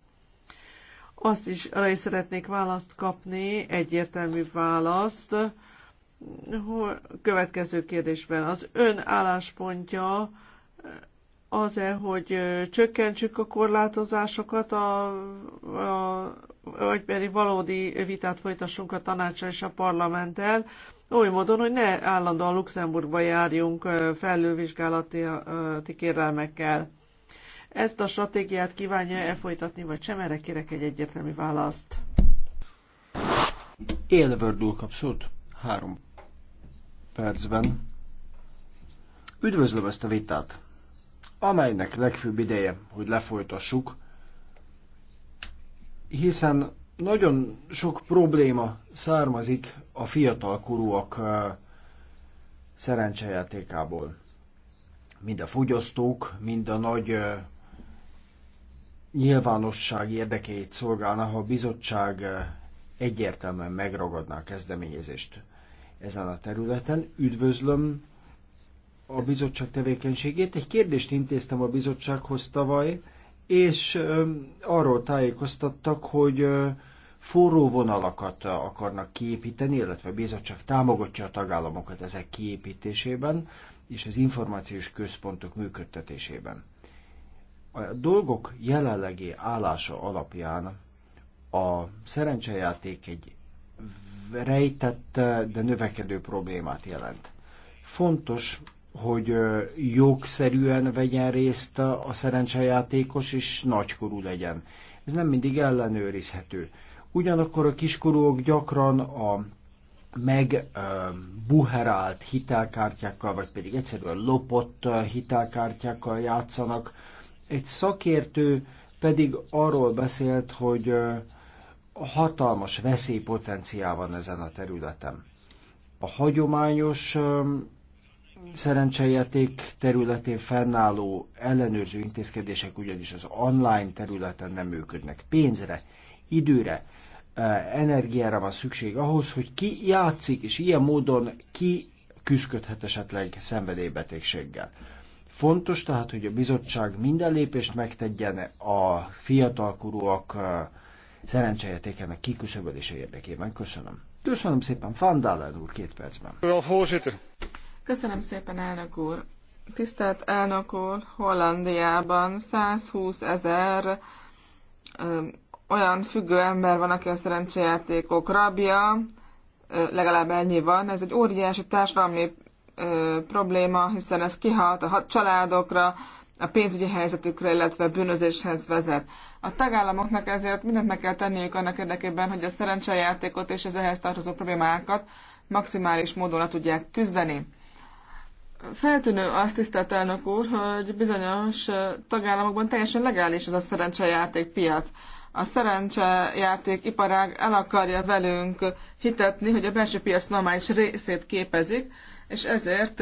Azt is, arra is szeretnék választ kapni, egyértelmű választ. Következő kérdésben az ön álláspontja eh, az-e, hogy eh, csökkentsük a korlátozásokat, a, a, vagy pedig valódi vitát folytassunk a tanácsa és a parlamenttel, oly módon, hogy ne állandóan Luxemburgba járjunk eh, felülvizsgálati kérelmekkel. Ezt a stratégiát kívánja-e folytatni, vagy sem? Erre kérek egy egyértelmű választ. Élvördül kapszót három percben. Üdvözlöm ezt a vitát, amelynek legfőbb ideje, hogy lefolytassuk, hiszen nagyon sok probléma származik a fiatalkorúak szerencsejátékából. Mind a fogyasztók, mind a nagy nyilvánosság érdekeit szolgálna, ha a bizottság eh, egyértelműen megragadná a kezdeményezést ezen a területen. Üdvözlöm a bizottság tevékenységét. Egy kérdést intéztem a bizottsághoz tavaly, és eh, arról tájékoztattak, hogy eh, forró vonalakat akarnak kiépíteni, illetve a bizottság támogatja a tagállamokat ezek kiépítésében és az információs központok működtetésében. A dolgok jelenlegi állása alapján a szerencsejáték egy rejtett, de növekedő problémát jelent. Fontos, hogy jogszerűen vegyen részt a szerencsejátékos, és nagykorú legyen. Ez nem mindig ellenőrizhető. Ugyanakkor a kiskorúk gyakran a megbuherált hitelkártyákkal, vagy pedig egyszerűen lopott hitelkártyákkal játszanak, egy szakértő pedig arról beszélt, hogy hatalmas veszélypotenciál van ezen a területen. A hagyományos szerencsejáték területén fennálló ellenőrző intézkedések ugyanis az online területen nem működnek. Pénzre, időre, energiára van szükség ahhoz, hogy ki játszik, és ilyen módon ki küzdködhet esetleg szenvedélybetegséggel. Fontos tehát, hogy a bizottság minden lépést megtegyen a fiatalkorúak szerencsejátékának kiküszöbölése érdekében. Köszönöm. Köszönöm szépen, Fandálán úr, két percben. Köszönöm szépen, elnök úr. Tisztelt elnök úr, Hollandiában 120 ezer olyan függő ember van, aki a szerencsejátékok rabja, ö, legalább ennyi van. Ez egy óriási társadalmi ö, probléma, hiszen ez kihat a családokra, a pénzügyi helyzetükre, illetve bűnözéshez vezet. A tagállamoknak ezért mindent meg kell tenniük annak érdekében, hogy a szerencsejátékot és az ehhez tartozó problémákat maximális módon le tudják küzdeni. Feltűnő azt, tisztelt elnök úr, hogy bizonyos tagállamokban teljesen legális ez a szerencsejáték piac. A szerencsejáték iparág el akarja velünk hitetni, hogy a belső piac normális részét képezik, és ezért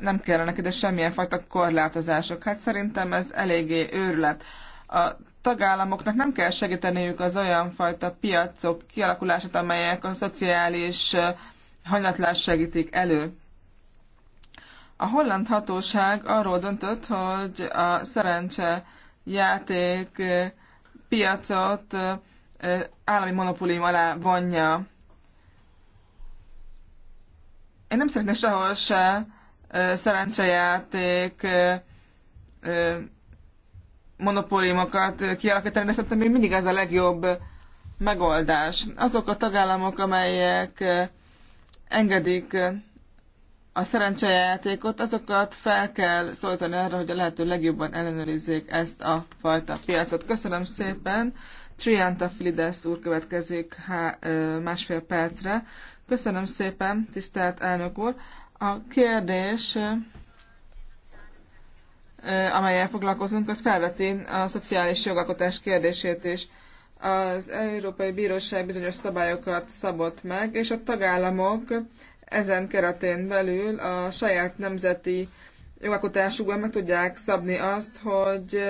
nem kellene ide semmilyen fajta korlátozások. Hát szerintem ez eléggé őrület. A tagállamoknak nem kell segíteniük az olyan fajta piacok kialakulását, amelyek a szociális hanyatlást segítik elő. A holland hatóság arról döntött, hogy a szerencse játék piacot állami monopólium alá vonja. Én nem szeretnék sehol se szerencsejáték monopóliumokat kialakítani, de szerintem még mindig ez a legjobb megoldás. Azok a tagállamok, amelyek engedik a szerencsejátékot, azokat fel kell szólítani arra, hogy a lehető legjobban ellenőrizzék ezt a fajta piacot. Köszönöm szépen! Trianta Filides úr következik há, másfél percre. Köszönöm szépen, tisztelt elnök úr. A kérdés, amelyel foglalkozunk, az felveti a szociális jogalkotás kérdését is. Az Európai Bíróság bizonyos szabályokat szabott meg, és a tagállamok ezen keretén belül a saját nemzeti jogalkotásukban meg tudják szabni azt, hogy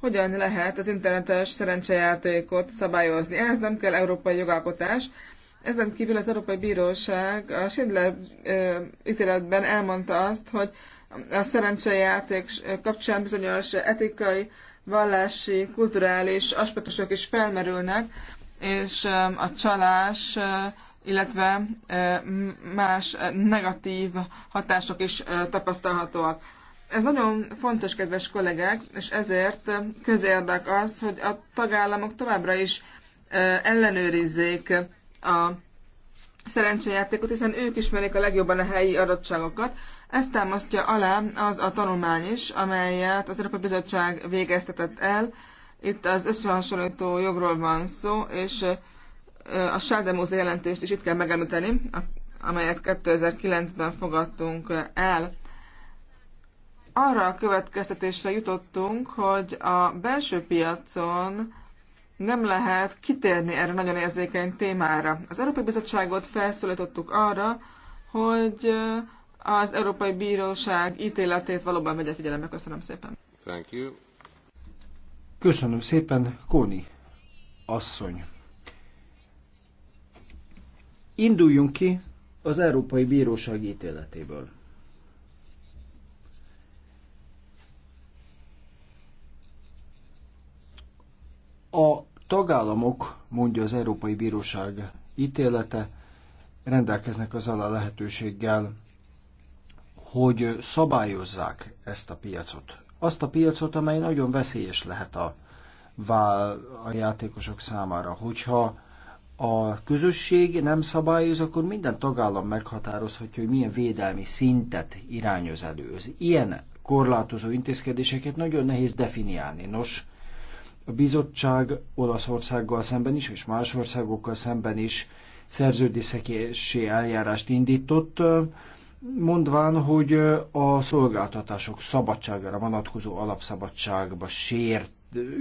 hogyan lehet az internetes szerencsejátékot szabályozni. Ehhez nem kell európai jogalkotás. Ezen kívül az Európai Bíróság a Schindler ítéletben elmondta azt, hogy a szerencsejáték kapcsán bizonyos etikai, vallási, kulturális aspektusok is felmerülnek, és a csalás, illetve más negatív hatások is tapasztalhatóak. Ez nagyon fontos, kedves kollégák, és ezért közérdek az, hogy a tagállamok továbbra is ellenőrizzék a szerencsejátékot, hiszen ők ismerik a legjobban a helyi adottságokat. Ezt támasztja alá az a tanulmány is, amelyet az Európai Bizottság végeztetett el. Itt az összehasonlító jogról van szó, és a Sáldemóze jelentést is itt kell megemlíteni, amelyet 2009-ben fogadtunk el arra a következtetésre jutottunk, hogy a belső piacon nem lehet kitérni erre nagyon érzékeny témára. Az Európai Bizottságot felszólítottuk arra, hogy az Európai Bíróság ítéletét valóban megye figyelembe. Köszönöm szépen. Thank you. Köszönöm szépen, Kóni asszony. Induljunk ki az Európai Bíróság ítéletéből. A tagállamok, mondja az Európai Bíróság ítélete, rendelkeznek az alá lehetőséggel, hogy szabályozzák ezt a piacot. Azt a piacot, amely nagyon veszélyes lehet a, vál a játékosok számára. Hogyha a közösség nem szabályoz, akkor minden tagállam meghatározhatja, hogy milyen védelmi szintet irányoz elő. ilyen korlátozó intézkedéseket nagyon nehéz definiálni. Nos, a bizottság Olaszországgal szemben is, és más országokkal szemben is szerződészekési eljárást indított, mondván, hogy a szolgáltatások szabadságára vonatkozó alapszabadságba sért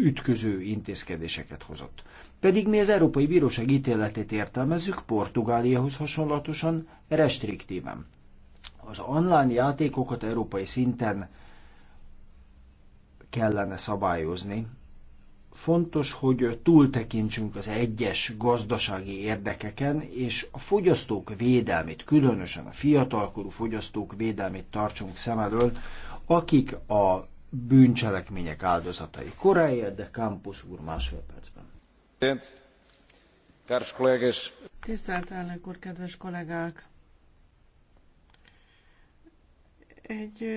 ütköző intézkedéseket hozott. Pedig mi az Európai Bíróság ítéletét értelmezzük Portugáliahoz hasonlatosan restriktíven. Az online játékokat európai szinten kellene szabályozni, fontos, hogy túltekintsünk az egyes gazdasági érdekeken, és a fogyasztók védelmét, különösen a fiatalkorú fogyasztók védelmét tartsunk szem elől, akik a bűncselekmények áldozatai. Koráért, de Campus úr másfél percben. Tisztelt elnök úr, kedves kollégák! egy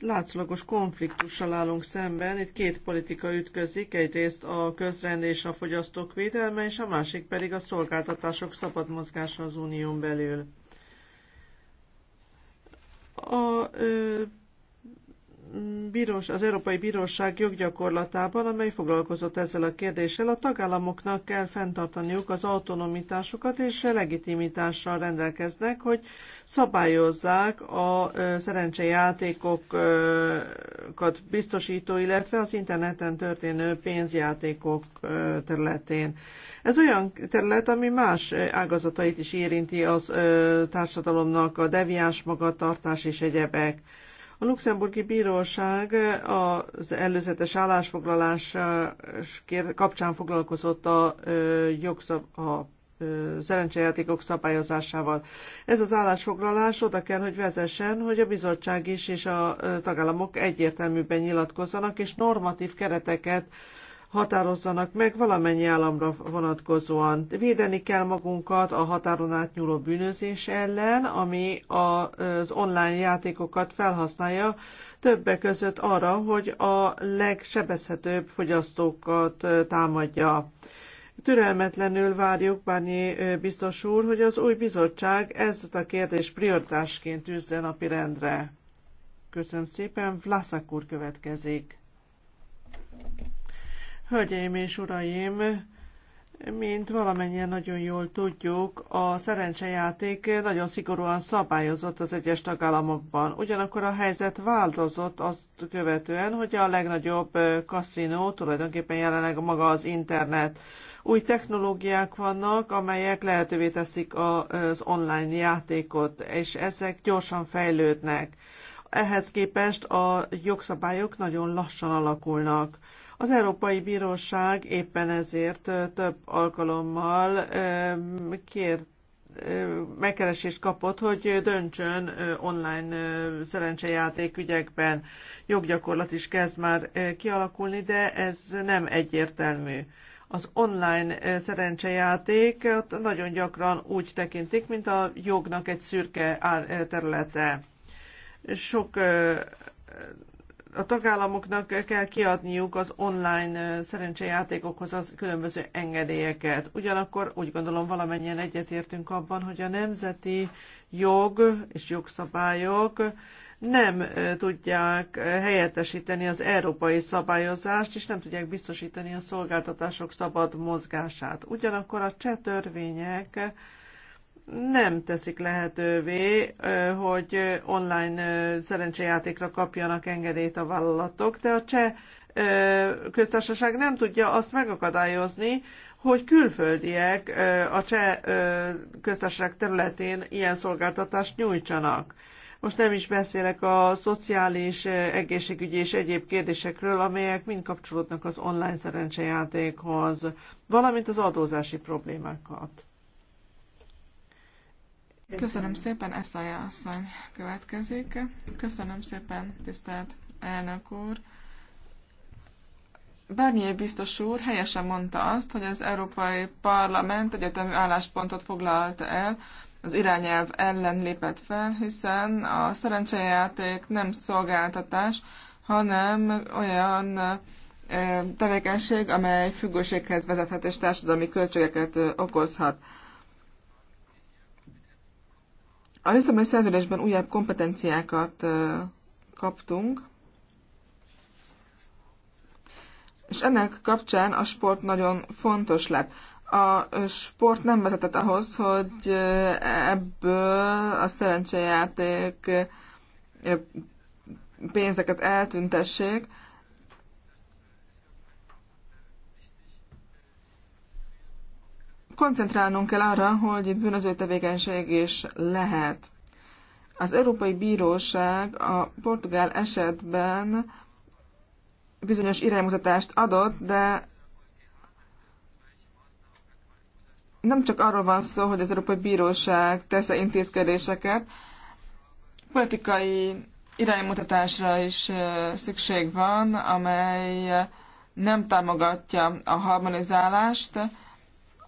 látszólagos konfliktussal állunk szemben. Itt két politika ütközik, egyrészt a közrend és a fogyasztók védelme, és a másik pedig a szolgáltatások szabad mozgása az unión belül. A ö, bírós, az Európai Bíróság joggyakorlatában, amely foglalkozott ezzel a kérdéssel, a tagállamoknak kell fenntartaniuk az autonomitásukat és legitimitással rendelkeznek, hogy szabályozzák a szerencsejátékokat biztosító, illetve az interneten történő pénzjátékok területén. Ez olyan terület, ami más ágazatait is érinti az társadalomnak, a deviáns magatartás és egyebek. A luxemburgi bíróság az előzetes állásfoglalás kapcsán foglalkozott a, jogszab, a szerencsejátékok szabályozásával. Ez az állásfoglalás oda kell, hogy vezessen, hogy a bizottság is és a tagállamok egyértelműben nyilatkozzanak, és normatív kereteket határozzanak meg valamennyi államra vonatkozóan. Védeni kell magunkat a határon átnyúló bűnözés ellen, ami az online játékokat felhasználja, többek között arra, hogy a legsebezhetőbb fogyasztókat támadja. Türelmetlenül várjuk, Bárnyi biztos úr, hogy az új bizottság ezt a kérdést prioritásként tűzze rendre. Köszönöm szépen, Vlaszak úr következik. Hölgyeim és uraim, mint valamennyien nagyon jól tudjuk, a szerencsejáték nagyon szigorúan szabályozott az egyes tagállamokban. Ugyanakkor a helyzet változott azt követően, hogy a legnagyobb kaszinó tulajdonképpen jelenleg maga az internet. Új technológiák vannak, amelyek lehetővé teszik az online játékot, és ezek gyorsan fejlődnek. Ehhez képest a jogszabályok nagyon lassan alakulnak az Európai Bíróság éppen ezért több alkalommal kért megkeresést kapott, hogy döntsön online szerencsejáték ügyekben. Joggyakorlat is kezd már kialakulni, de ez nem egyértelmű. Az online szerencsejátékot nagyon gyakran úgy tekintik, mint a jognak egy szürke területe. Sok a tagállamoknak kell kiadniuk az online szerencsejátékokhoz az különböző engedélyeket. Ugyanakkor úgy gondolom valamennyien egyetértünk abban, hogy a nemzeti jog és jogszabályok nem tudják helyettesíteni az európai szabályozást, és nem tudják biztosítani a szolgáltatások szabad mozgását. Ugyanakkor a cseh törvények nem teszik lehetővé, hogy online szerencsejátékra kapjanak engedélyt a vállalatok, de a cseh köztársaság nem tudja azt megakadályozni, hogy külföldiek a cseh köztársaság területén ilyen szolgáltatást nyújtsanak. Most nem is beszélek a szociális, egészségügyi és egyéb kérdésekről, amelyek mind kapcsolódnak az online szerencsejátékhoz, valamint az adózási problémákat. Köszönöm szépen, Eszaja asszony következik. Köszönöm szépen, tisztelt elnök úr. Bernier biztos úr helyesen mondta azt, hogy az Európai Parlament egyetemű álláspontot foglalt el, az irányelv ellen lépett fel, hiszen a szerencsejáték nem szolgáltatás, hanem olyan tevékenység, amely függőséghez vezethet és társadalmi költségeket okozhat. A Lisszaboni szerződésben újabb kompetenciákat kaptunk, és ennek kapcsán a sport nagyon fontos lett. A sport nem vezetett ahhoz, hogy ebből a szerencsejáték pénzeket eltüntessék, koncentrálnunk kell arra, hogy itt bűnöző tevékenység is lehet. Az Európai Bíróság a portugál esetben bizonyos iránymutatást adott, de nem csak arról van szó, hogy az Európai Bíróság tesz-e intézkedéseket, politikai iránymutatásra is szükség van, amely nem támogatja a harmonizálást,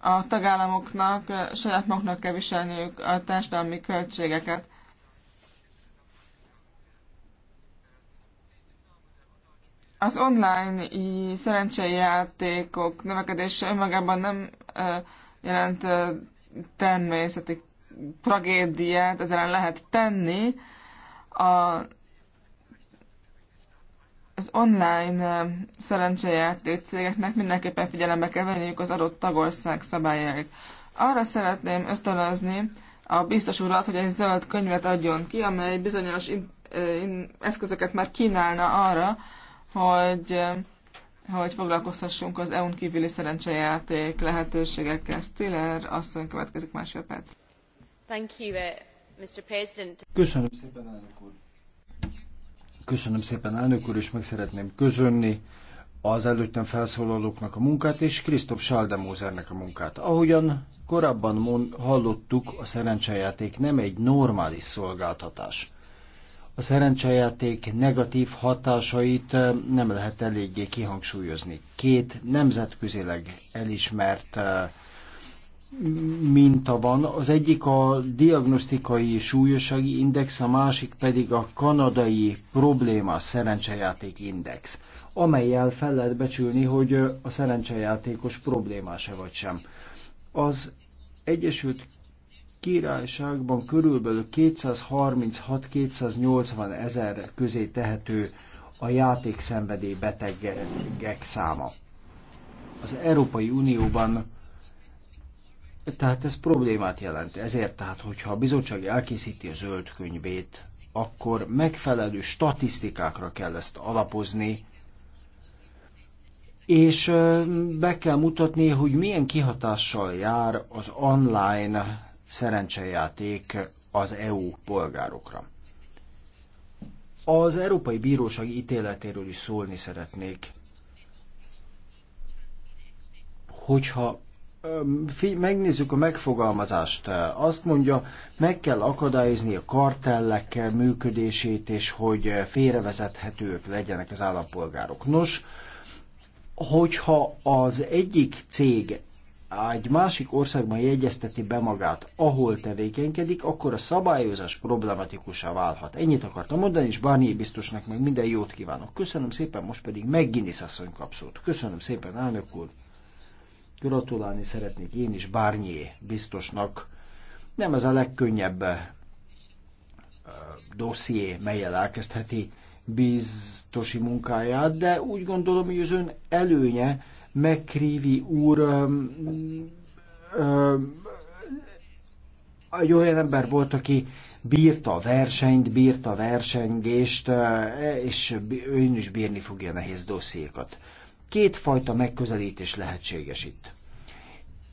a tagállamoknak saját maguknak kell viselniük a társadalmi költségeket. Az online szerencsejátékok növekedése önmagában nem jelent természeti tragédiát, ezzel lehet tenni. A az online szerencsejáték cégeknek mindenképpen figyelembe kell venniük az adott tagország szabályait. Arra szeretném ösztönözni a biztos urat, hogy egy zöld könyvet adjon ki, amely bizonyos in, in, eszközöket már kínálna arra, hogy, hogy foglalkozhassunk az EU-n kívüli szerencsejáték lehetőségekkel. Stiller asszony következik másfél perc. Thank you, uh, Mr. President. Köszönöm szépen, elnök úr. Köszönöm szépen, elnök úr, és meg szeretném közönni az előttem felszólalóknak a munkát, és Krisztóf Saldemózernek a munkát. Ahogyan korábban mond, hallottuk, a szerencsejáték nem egy normális szolgáltatás. A szerencsejáték negatív hatásait eh, nem lehet eléggé kihangsúlyozni. Két nemzetközileg elismert eh, minta van. Az egyik a diagnosztikai súlyossági index, a másik pedig a kanadai probléma szerencsejáték index, amelyel fel lehet becsülni, hogy a szerencsejátékos probléma se vagy sem. Az Egyesült Királyságban körülbelül 236-280 ezer közé tehető a játékszenvedély betegek száma. Az Európai Unióban tehát ez problémát jelent. Ezért tehát, hogyha a bizottság elkészíti a zöld könyvét, akkor megfelelő statisztikákra kell ezt alapozni, és be kell mutatni, hogy milyen kihatással jár az online szerencsejáték az EU polgárokra. Az Európai Bíróság ítéletéről is szólni szeretnék. Hogyha megnézzük a megfogalmazást. Azt mondja, meg kell akadályozni a kartellek működését, és hogy félrevezethetők legyenek az állampolgárok. Nos, hogyha az egyik cég egy másik országban jegyezteti be magát, ahol tevékenykedik, akkor a szabályozás problematikusá válhat. Ennyit akartam mondani, és Barnier biztosnak meg minden jót kívánok. Köszönöm szépen, most pedig megint asszony kapszót. Köszönöm szépen, elnök úr. Gratulálni szeretnék én is Bárnyé biztosnak. Nem ez a legkönnyebb eh, dosszié, melyel elkezdheti biztosi munkáját, de úgy gondolom, hogy az ön előnye McCreevy úr öm, eh, mm, öm, eh, egy olyan ember volt, aki bírta a versenyt, bírta a versengést, és ön is bírni fogja nehéz dossziékat kétfajta megközelítés lehetséges itt.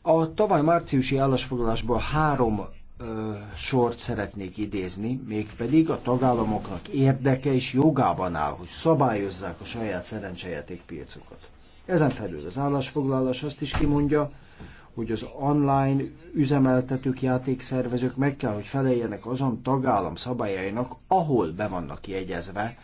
A tavaly márciusi állásfoglalásból három ö, sort szeretnék idézni, mégpedig a tagállamoknak érdeke és jogában áll, hogy szabályozzák a saját szerencsejáték piacokat. Ezen felül az állásfoglalás azt is kimondja, hogy az online üzemeltetők, játékszervezők meg kell, hogy feleljenek azon tagállam szabályainak, ahol be vannak jegyezve.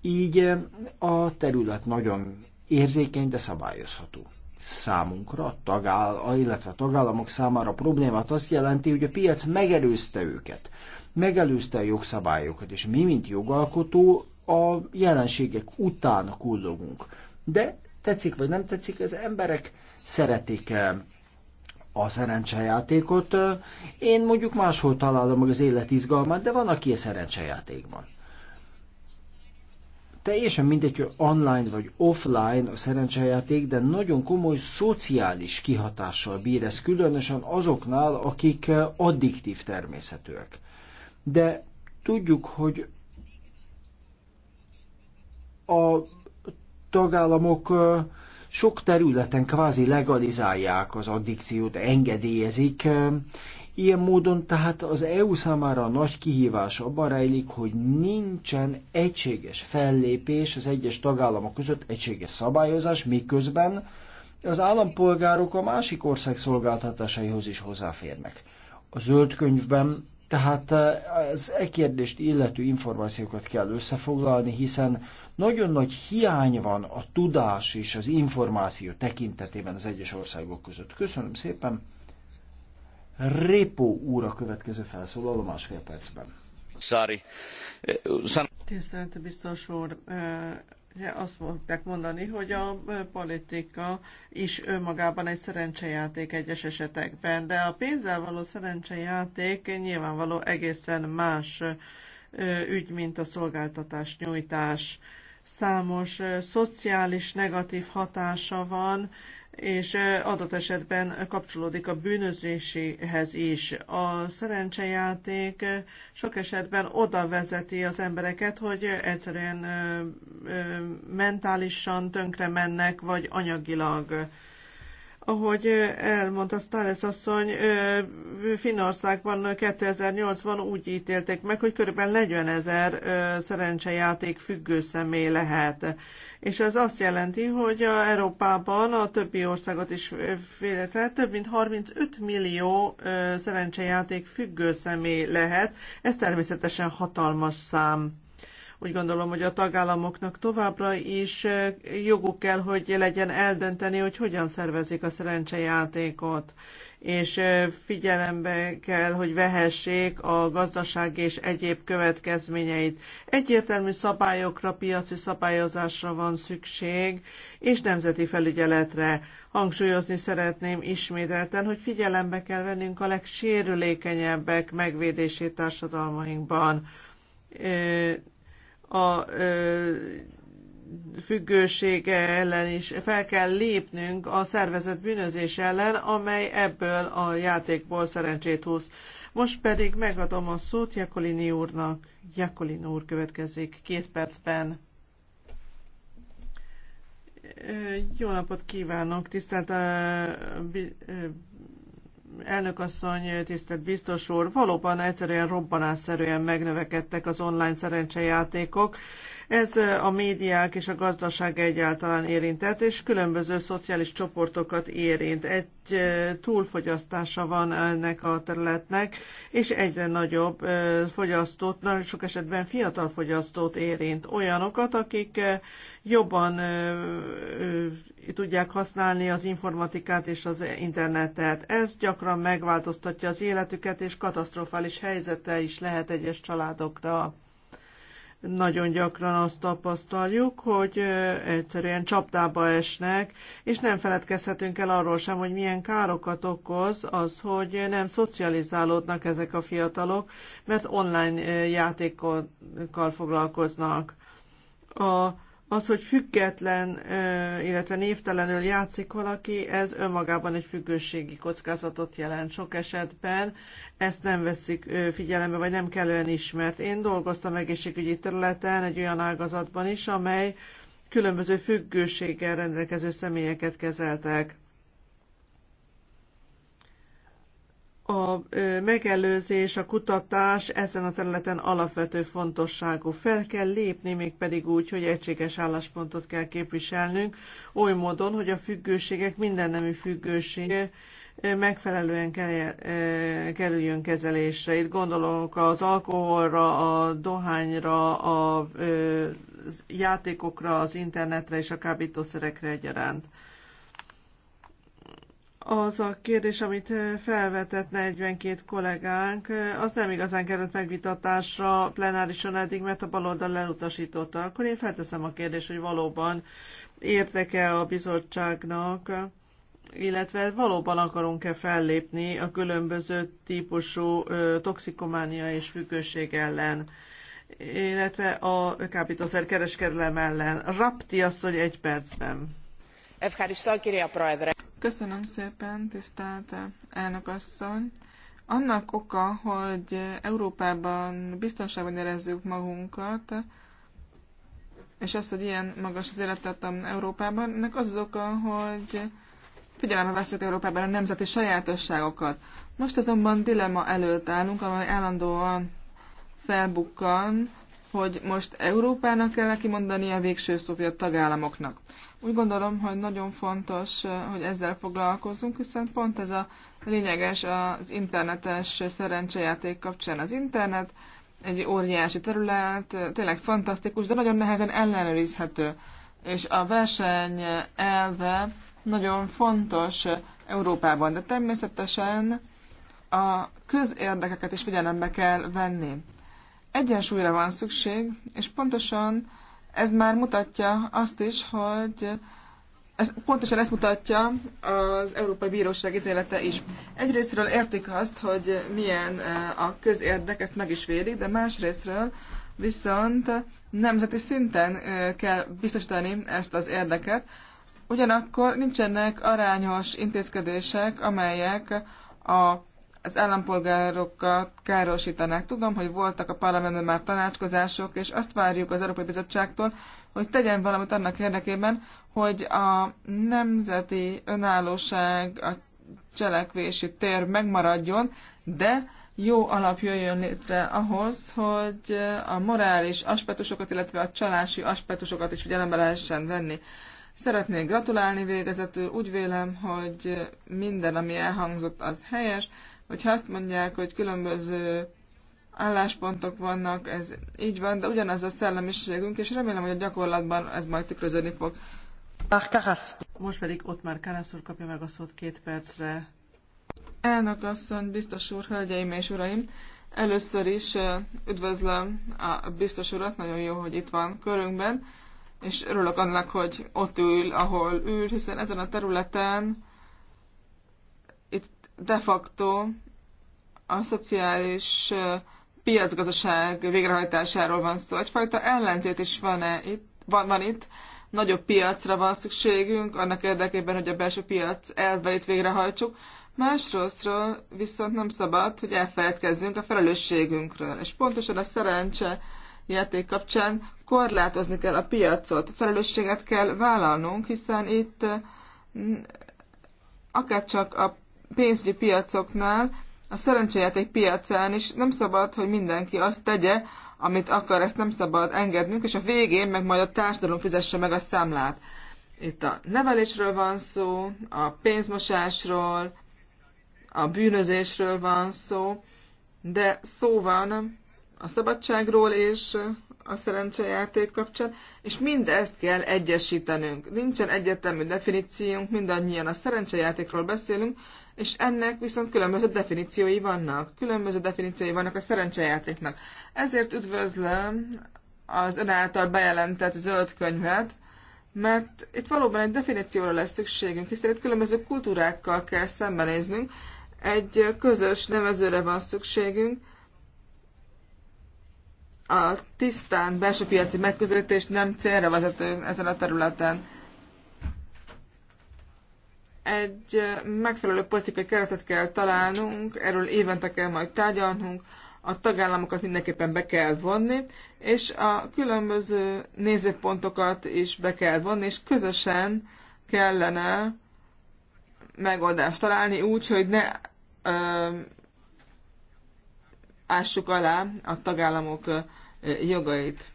Így a terület nagyon érzékeny, de szabályozható. Számunkra, a tagáll, illetve a tagállamok számára a problémát azt jelenti, hogy a piac megelőzte őket, megelőzte a jogszabályokat, és mi, mint jogalkotó, a jelenségek után kullogunk. De tetszik vagy nem tetszik, az emberek szeretik -e a szerencsejátékot. Én mondjuk máshol találom meg az élet izgalmát, de van, aki a szerencsejátékban. Teljesen mindegy, hogy online vagy offline a szerencsejáték, de nagyon komoly szociális kihatással bír ez, különösen azoknál, akik eh, addiktív természetűek. De tudjuk, hogy a tagállamok eh, sok területen kvázi legalizálják az addikciót, engedélyezik, eh, Ilyen módon tehát az EU számára a nagy kihívás abban rejlik, hogy nincsen egységes fellépés az egyes tagállamok között, egységes szabályozás, miközben az állampolgárok a másik ország szolgáltatásaihoz is hozzáférnek. A zöld könyvben tehát eh, az e kérdést illető információkat kell összefoglalni, hiszen nagyon nagy hiány van a tudás és az információ tekintetében az egyes országok között. Köszönöm szépen! Répó úr a következő felszólaló másfél percben. Szári. Szán... Tisztelt biztos úr, azt mondták mondani, hogy a politika is önmagában egy szerencsejáték egyes esetekben, de a pénzzel való szerencsejáték nyilvánvaló egészen más ügy, mint a szolgáltatás nyújtás. Számos szociális negatív hatása van, és adott esetben kapcsolódik a bűnözéséhez is. A szerencsejáték sok esetben oda vezeti az embereket, hogy egyszerűen mentálisan tönkre mennek, vagy anyagilag ahogy elmondta Stiles asszony, Finnországban 2008-ban úgy ítélték meg, hogy kb. 40 ezer szerencsejáték függő személy lehet és ez azt jelenti, hogy a Európában a többi országot is félretelt, több mint 35 millió szerencsejáték függő személy lehet, ez természetesen hatalmas szám. Úgy gondolom, hogy a tagállamoknak továbbra is joguk kell, hogy legyen eldönteni, hogy hogyan szervezik a szerencsejátékot és figyelembe kell, hogy vehessék a gazdaság és egyéb következményeit. Egyértelmű szabályokra, piaci szabályozásra van szükség, és nemzeti felügyeletre. Hangsúlyozni szeretném ismételten, hogy figyelembe kell vennünk a legsérülékenyebbek megvédését társadalmainkban. A, a függősége ellen is fel kell lépnünk a szervezet bűnözés ellen, amely ebből a játékból szerencsét húz. Most pedig megadom a szót Jakolini úrnak. Jakolini úr következik két percben. Jó napot kívánok, tisztelt elnökasszony, tisztelt biztos úr, valóban egyszerűen robbanásszerűen megnövekedtek az online szerencsejátékok, ez a médiák és a gazdaság egyáltalán érintett, és különböző szociális csoportokat érint. Egy túlfogyasztása van ennek a területnek, és egyre nagyobb fogyasztót, nagyon sok esetben fiatal fogyasztót érint. Olyanokat, akik jobban tudják használni az informatikát és az internetet. Ez gyakran megváltoztatja az életüket, és katasztrofális helyzete is lehet egyes családokra nagyon gyakran azt tapasztaljuk, hogy egyszerűen csapdába esnek, és nem feledkezhetünk el arról sem, hogy milyen károkat okoz az, hogy nem szocializálódnak ezek a fiatalok, mert online játékokkal foglalkoznak. A, az, hogy független, illetve névtelenül játszik valaki, ez önmagában egy függőségi kockázatot jelent. Sok esetben ezt nem veszik figyelembe, vagy nem kellően ismert. Én dolgoztam egészségügyi területen, egy olyan ágazatban is, amely különböző függőséggel rendelkező személyeket kezeltek. A megelőzés, a kutatás ezen a területen alapvető fontosságú. Fel kell lépni, mégpedig úgy, hogy egységes álláspontot kell képviselnünk, oly módon, hogy a függőségek minden nemű függőség megfelelően kerüljön kezelésre. Itt gondolok az alkoholra, a dohányra, a játékokra, az internetre és a kábítószerekre egyaránt. Az a kérdés, amit felvetett 42 kollégánk, az nem igazán került megvitatásra plenárison eddig, mert a baloldal elutasította. Akkor én felteszem a kérdést, hogy valóban érdeke a bizottságnak, illetve valóban akarunk-e fellépni a különböző típusú toxikománia és függőség ellen, illetve a kábítószer kereskedelem ellen. Rapti asszony egy percben. Köszönöm szépen, tisztelt elnök asszony. Annak oka, hogy Európában biztonságban érezzük magunkat, és az, hogy ilyen magas az élettartam Európában, ennek az, az oka, hogy figyelembe veszük Európában a nemzeti sajátosságokat. Most azonban dilemma előtt állunk, amely állandóan felbukkan, hogy most Európának kell kimondani a végső szófia tagállamoknak. Úgy gondolom, hogy nagyon fontos, hogy ezzel foglalkozunk, hiszen pont ez a lényeges az internetes szerencsejáték kapcsán az internet, egy óriási terület, tényleg fantasztikus, de nagyon nehezen ellenőrizhető. És a verseny elve nagyon fontos Európában, de természetesen a közérdekeket is figyelembe kell venni. Egyensúlyra van szükség, és pontosan ez már mutatja azt is, hogy ez, pontosan ezt mutatja az Európai Bíróság ítélete is. Egyrésztről értik azt, hogy milyen eh, a közérdek, ezt meg is védik, de másrésztről viszont nemzeti szinten eh, kell biztosítani ezt az érdeket, Ugyanakkor nincsenek arányos intézkedések, amelyek a, az állampolgárokat károsítanák. Tudom, hogy voltak a parlamentben már tanácskozások, és azt várjuk az Európai Bizottságtól, hogy tegyen valamit annak érdekében, hogy a nemzeti önállóság, a cselekvési tér megmaradjon, de jó alap jöjjön létre ahhoz, hogy a morális aspektusokat, illetve a csalási aspektusokat is figyelembe lehessen venni. Szeretnék gratulálni végezetül. Úgy vélem, hogy minden, ami elhangzott, az helyes. Hogyha azt mondják, hogy különböző álláspontok vannak, ez így van, de ugyanaz a szellemiségünk, és remélem, hogy a gyakorlatban ez majd tükröződni fog. Most pedig ott már Kárász úr kapja meg a szót két percre. Elnök asszony, biztos úr, hölgyeim és uraim! Először is üdvözlöm a biztos urat, nagyon jó, hogy itt van körünkben és örülök annak, hogy ott ül, ahol ül, hiszen ezen a területen itt de facto a szociális piacgazdaság végrehajtásáról van szó. Egyfajta ellentét is van, -e itt, van, van itt, nagyobb piacra van szükségünk, annak érdekében, hogy a belső piac elveit végrehajtsuk. Másrésztről viszont nem szabad, hogy elfeledkezzünk a felelősségünkről. És pontosan a szerencse játék kapcsán korlátozni kell a piacot, felelősséget kell vállalnunk, hiszen itt eh, akárcsak a pénzügyi piacoknál, a szerencsejáték piacán is nem szabad, hogy mindenki azt tegye, amit akar, ezt nem szabad engednünk, és a végén meg majd a társadalom fizesse meg a számlát. Itt a nevelésről van szó, a pénzmosásról, a bűnözésről van szó, de szó van a szabadságról és a szerencsejáték kapcsán, és mindezt kell egyesítenünk. Nincsen egyértelmű definíciónk, mindannyian a szerencsejátékról beszélünk, és ennek viszont különböző definíciói vannak. Különböző definíciói vannak a szerencsejátéknak. Ezért üdvözlöm az ön által bejelentett zöld könyvet, mert itt valóban egy definícióra lesz szükségünk, hiszen itt különböző kultúrákkal kell szembenéznünk, egy közös nevezőre van szükségünk, a tisztán belső piaci megközelítés nem célra vezető ezen a területen. Egy megfelelő politikai keretet kell találnunk, erről évente kell majd tárgyalnunk, a tagállamokat mindenképpen be kell vonni, és a különböző nézőpontokat is be kell vonni, és közösen kellene megoldást találni úgy, hogy ne ö, ássuk alá a tagállamok jogait.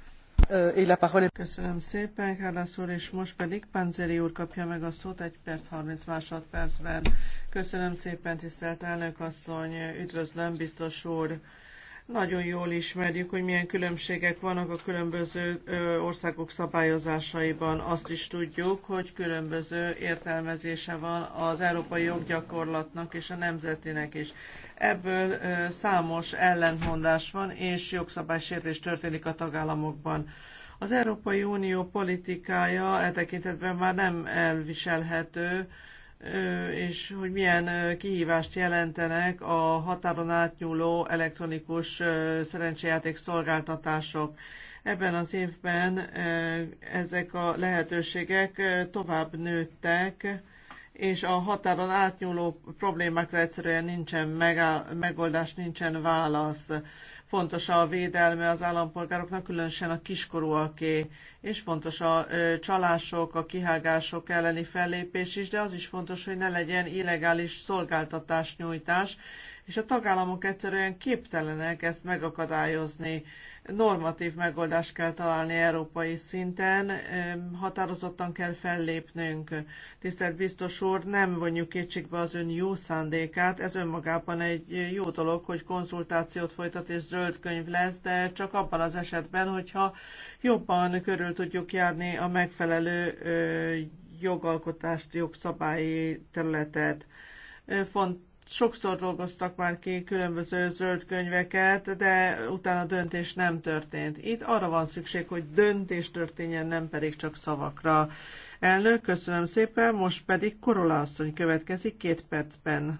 Köszönöm szépen, Kárlás úr, és most pedig Panzeri úr kapja meg a szót egy perc 30 másodpercben. Köszönöm szépen, tisztelt elnökasszony, üdvözlöm, biztos úr nagyon jól ismerjük, hogy milyen különbségek vannak a különböző országok szabályozásaiban. Azt is tudjuk, hogy különböző értelmezése van az európai joggyakorlatnak és a nemzetinek is. Ebből számos ellentmondás van, és jogszabálysértés történik a tagállamokban. Az Európai Unió politikája e tekintetben már nem elviselhető, és hogy milyen kihívást jelentenek a határon átnyúló elektronikus szerencsejáték szolgáltatások. Ebben az évben ezek a lehetőségek tovább nőttek, és a határon átnyúló problémákra egyszerűen nincsen megoldás, nincsen válasz. Fontos a védelme az állampolgároknak, különösen a kiskorúaké, és fontos a csalások, a kihágások elleni fellépés is, de az is fontos, hogy ne legyen illegális szolgáltatásnyújtás, és a tagállamok egyszerűen képtelenek ezt megakadályozni normatív megoldást kell találni európai szinten, határozottan kell fellépnünk. Tisztelt biztos úr, nem vonjuk kétségbe az ön jó szándékát, ez önmagában egy jó dolog, hogy konzultációt folytat és zöld könyv lesz, de csak abban az esetben, hogyha jobban körül tudjuk járni a megfelelő jogalkotást, jogszabályi területet. Font, sokszor dolgoztak már ki különböző zöld könyveket, de utána döntés nem történt. Itt arra van szükség, hogy döntés történjen, nem pedig csak szavakra. Elnök, köszönöm szépen, most pedig Korola asszony következik két percben.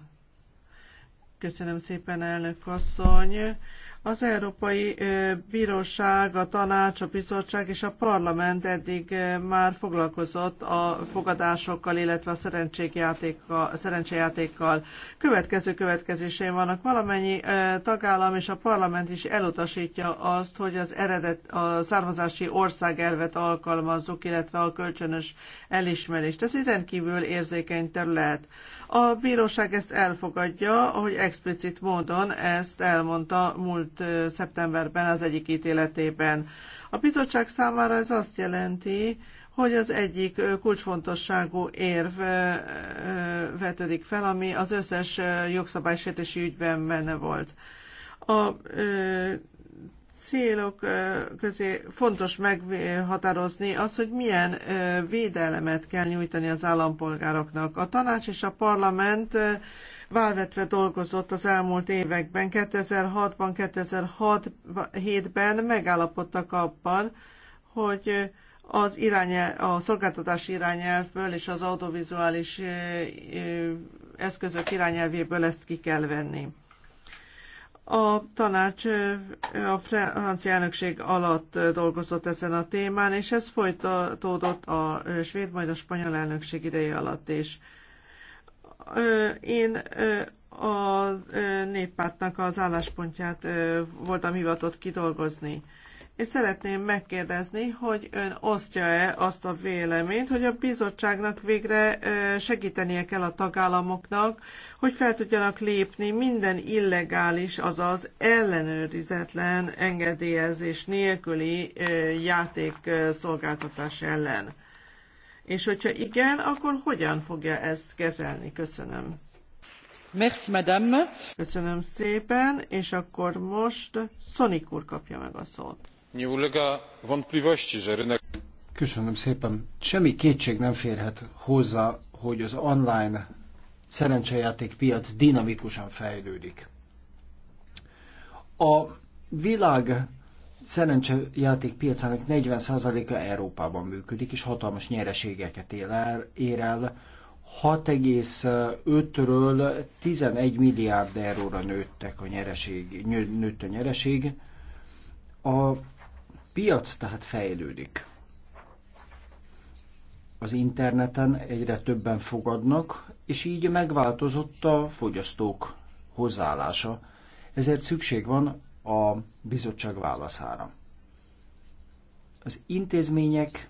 Köszönöm szépen, elnök asszony. Az Európai Bíróság, a Tanács, a Bizottság és a Parlament eddig már foglalkozott a fogadásokkal, illetve a szerencséjátékkal. Következő következésén vannak. Valamennyi tagállam és a parlament is elutasítja azt, hogy az eredet, a származási elvet alkalmazzuk, illetve a kölcsönös elismerést. Ez egy rendkívül érzékeny terület. A bíróság ezt elfogadja, ahogy explicit módon ezt elmondta múlt szeptemberben az egyik ítéletében. A bizottság számára ez azt jelenti, hogy az egyik kulcsfontosságú érv vetődik fel, ami az összes jogszabálysértési ügyben benne volt. A célok közé fontos meghatározni az, hogy milyen védelemet kell nyújtani az állampolgároknak. A tanács és a parlament válvetve dolgozott az elmúlt években. 2006-ban, 2007-ben megállapodtak abban, hogy az irányel, a szolgáltatás irányelvből és az audiovizuális eszközök irányelvéből ezt ki kell venni. A tanács a francia elnökség alatt dolgozott ezen a témán, és ez folytatódott a svéd, majd a spanyol elnökség ideje alatt is én a néppártnak az álláspontját voltam hivatott kidolgozni. Én szeretném megkérdezni, hogy ön osztja-e azt a véleményt, hogy a bizottságnak végre segítenie kell a tagállamoknak, hogy fel tudjanak lépni minden illegális, azaz ellenőrizetlen engedélyezés nélküli játékszolgáltatás ellen. És hogyha igen, akkor hogyan fogja ezt kezelni? Köszönöm. Merci, madame. Köszönöm szépen, és akkor most Szonik úr kapja meg a szót. Köszönöm szépen. Semmi kétség nem férhet hozzá, hogy az online szerencsejáték piac dinamikusan fejlődik. A világ szerencsejáték piacának 40%-a Európában működik, és hatalmas nyereségeket el, ér el. 6,5-ről 11 milliárd euróra nőttek a nyereség, nőtt a nyereség. A piac tehát fejlődik. Az interneten egyre többen fogadnak, és így megváltozott a fogyasztók hozzáállása. Ezért szükség van a bizottság válaszára. Az intézmények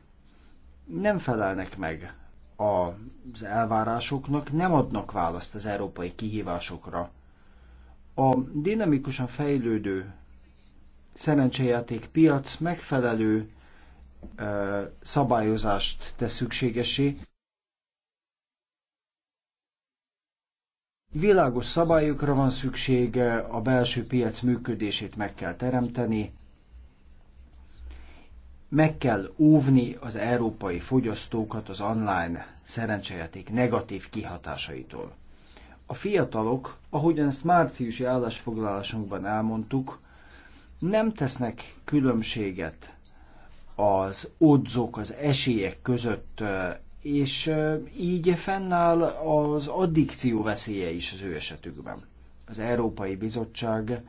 nem felelnek meg az elvárásoknak, nem adnak választ az európai kihívásokra. A dinamikusan fejlődő szerencsejáték piac megfelelő szabályozást tesz szükségesé. Világos szabályokra van szüksége a belső piac működését meg kell teremteni, meg kell óvni az európai fogyasztókat az online szerencsejáték negatív kihatásaitól. A fiatalok, ahogyan ezt márciusi állásfoglalásunkban elmondtuk, nem tesznek különbséget az odzok, az esélyek között és így fennáll az addikció veszélye is az ő esetükben. Az Európai Bizottság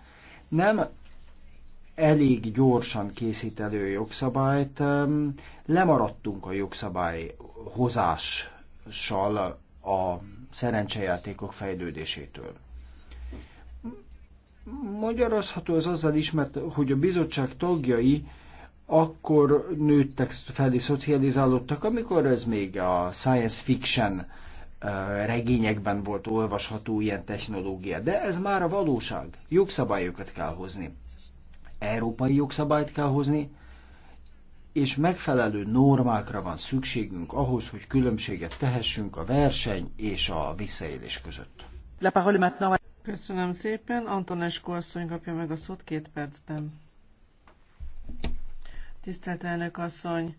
nem elég gyorsan készít elő jogszabályt, lemaradtunk a jogszabály hozással a szerencsejátékok fejlődésétől. Magyarázható az azzal is, mert hogy a bizottság tagjai akkor nőttek felé szocializálódtak, amikor ez még a science fiction regényekben volt olvasható ilyen technológia. De ez már a valóság. Jogszabályokat kell hozni. Európai jogszabályt kell hozni, és megfelelő normákra van szükségünk ahhoz, hogy különbséget tehessünk a verseny és a visszaélés között. Köszönöm szépen. Antonescu asszony kapja meg a szót két percben. Tisztelt elnök asszony!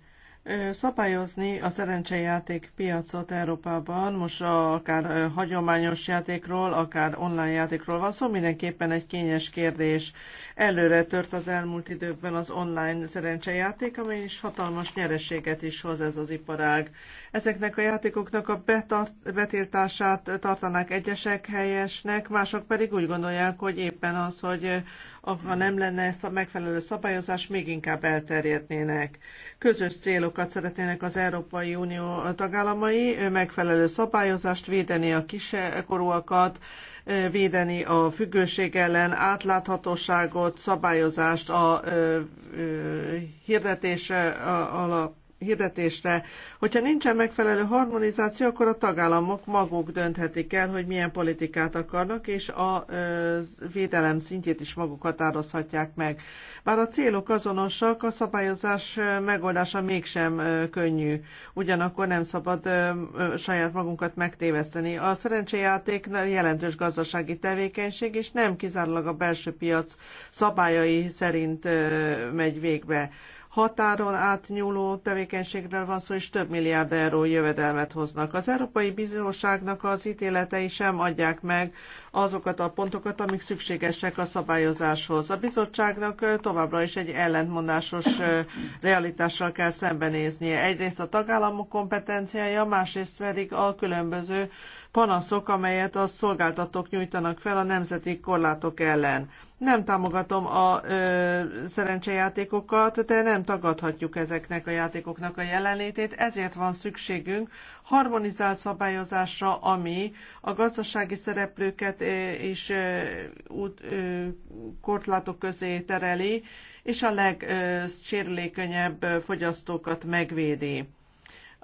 Szabályozni a szerencsejáték piacot Európában, most akár hagyományos játékról, akár online játékról van szó, szóval mindenképpen egy kényes kérdés. Előre tört az elmúlt időkben az online szerencsejáték, amely is hatalmas nyereséget is hoz ez az iparág. Ezeknek a játékoknak a betart, betiltását tartanák egyesek helyesnek, mások pedig úgy gondolják, hogy éppen az, hogy ha nem lenne a megfelelő szabályozás, még inkább elterjednének. Közös célokat szeretnének az Európai Unió tagállamai, megfelelő szabályozást, védeni a kisekorúakat, védeni a függőség ellen, átláthatóságot, szabályozást, a hirdetés alap hirdetésre. Hogyha nincsen megfelelő harmonizáció, akkor a tagállamok maguk dönthetik el, hogy milyen politikát akarnak, és a védelem szintjét is maguk határozhatják meg. Bár a célok azonosak, a szabályozás megoldása mégsem könnyű. Ugyanakkor nem szabad saját magunkat megtéveszteni. A szerencséjáték jelentős gazdasági tevékenység, és nem kizárólag a belső piac szabályai szerint megy végbe határon átnyúló tevékenységről van szó, és több milliárd euró jövedelmet hoznak. Az Európai Bizottságnak az ítéletei sem adják meg azokat a pontokat, amik szükségesek a szabályozáshoz. A bizottságnak továbbra is egy ellentmondásos realitással kell szembenéznie. Egyrészt a tagállamok kompetenciája, másrészt pedig a különböző panaszok, amelyet a szolgáltatók nyújtanak fel a nemzeti korlátok ellen. Nem támogatom a ö, szerencsejátékokat, de nem tagadhatjuk ezeknek a játékoknak a jelenlétét, ezért van szükségünk harmonizált szabályozásra, ami a gazdasági szereplőket is kortlátok közé tereli, és a legsérülékenyebb fogyasztókat megvédi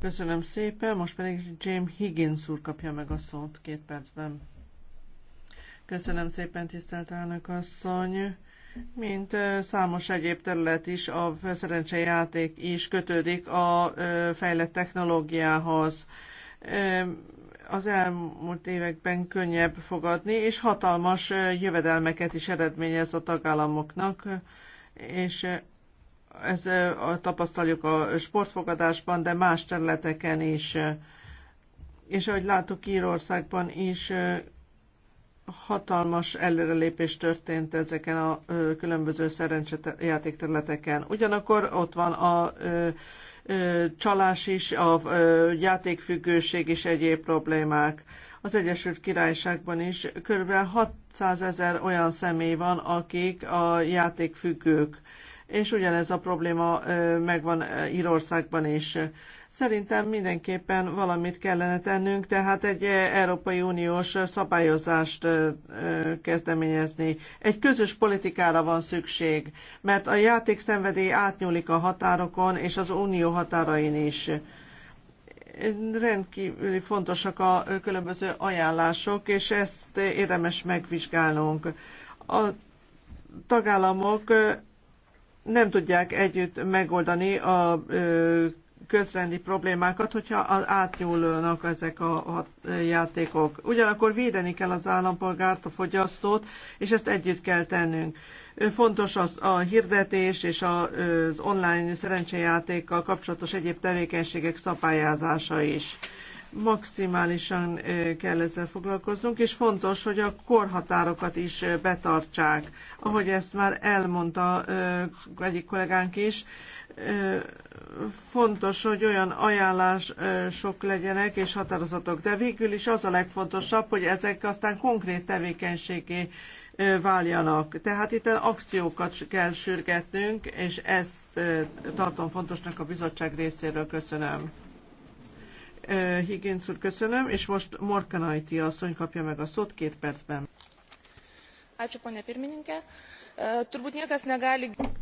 Köszönöm szépen, most pedig James Higgins úr kapja meg a szót két percben. Köszönöm szépen, tisztelt elnök asszony. Mint számos egyéb terület is, a szerencsejáték is kötődik a fejlett technológiához az elmúlt években könnyebb fogadni, és hatalmas jövedelmeket is eredményez a tagállamoknak, és ez tapasztaljuk a sportfogadásban, de más területeken is. És ahogy látok, Írországban is hatalmas előrelépés történt ezeken a különböző szerencsejáték területeken. Ugyanakkor ott van a csalás is, a játékfüggőség is egyéb problémák. Az Egyesült Királyságban is kb. 600 ezer olyan személy van, akik a játékfüggők és ugyanez a probléma megvan Írországban is. Szerintem mindenképpen valamit kellene tennünk, tehát egy Európai Uniós szabályozást kezdeményezni. Egy közös politikára van szükség, mert a játékszenvedély átnyúlik a határokon és az unió határain is rendkívül fontosak a különböző ajánlások, és ezt érdemes megvizsgálnunk. A tagállamok nem tudják együtt megoldani a közrendi problémákat, hogyha átnyúlnak ezek a játékok. Ugyanakkor védeni kell az állampolgárt, a fogyasztót, és ezt együtt kell tennünk. Fontos az a hirdetés és az online szerencsejátékkal kapcsolatos egyéb tevékenységek szabályázása is maximálisan kell ezzel foglalkoznunk, és fontos, hogy a korhatárokat is betartsák. Ahogy ezt már elmondta egyik kollégánk is, fontos, hogy olyan ajánlások legyenek és határozatok, de végül is az a legfontosabb, hogy ezek aztán konkrét tevékenységé váljanak. Tehát itt akciókat kell sürgetnünk, és ezt tartom fontosnak a bizottság részéről. Köszönöm. Eh, Higgins úr, köszönöm, és most Morkanaiti asszony kapja meg a szót két percben. Eh,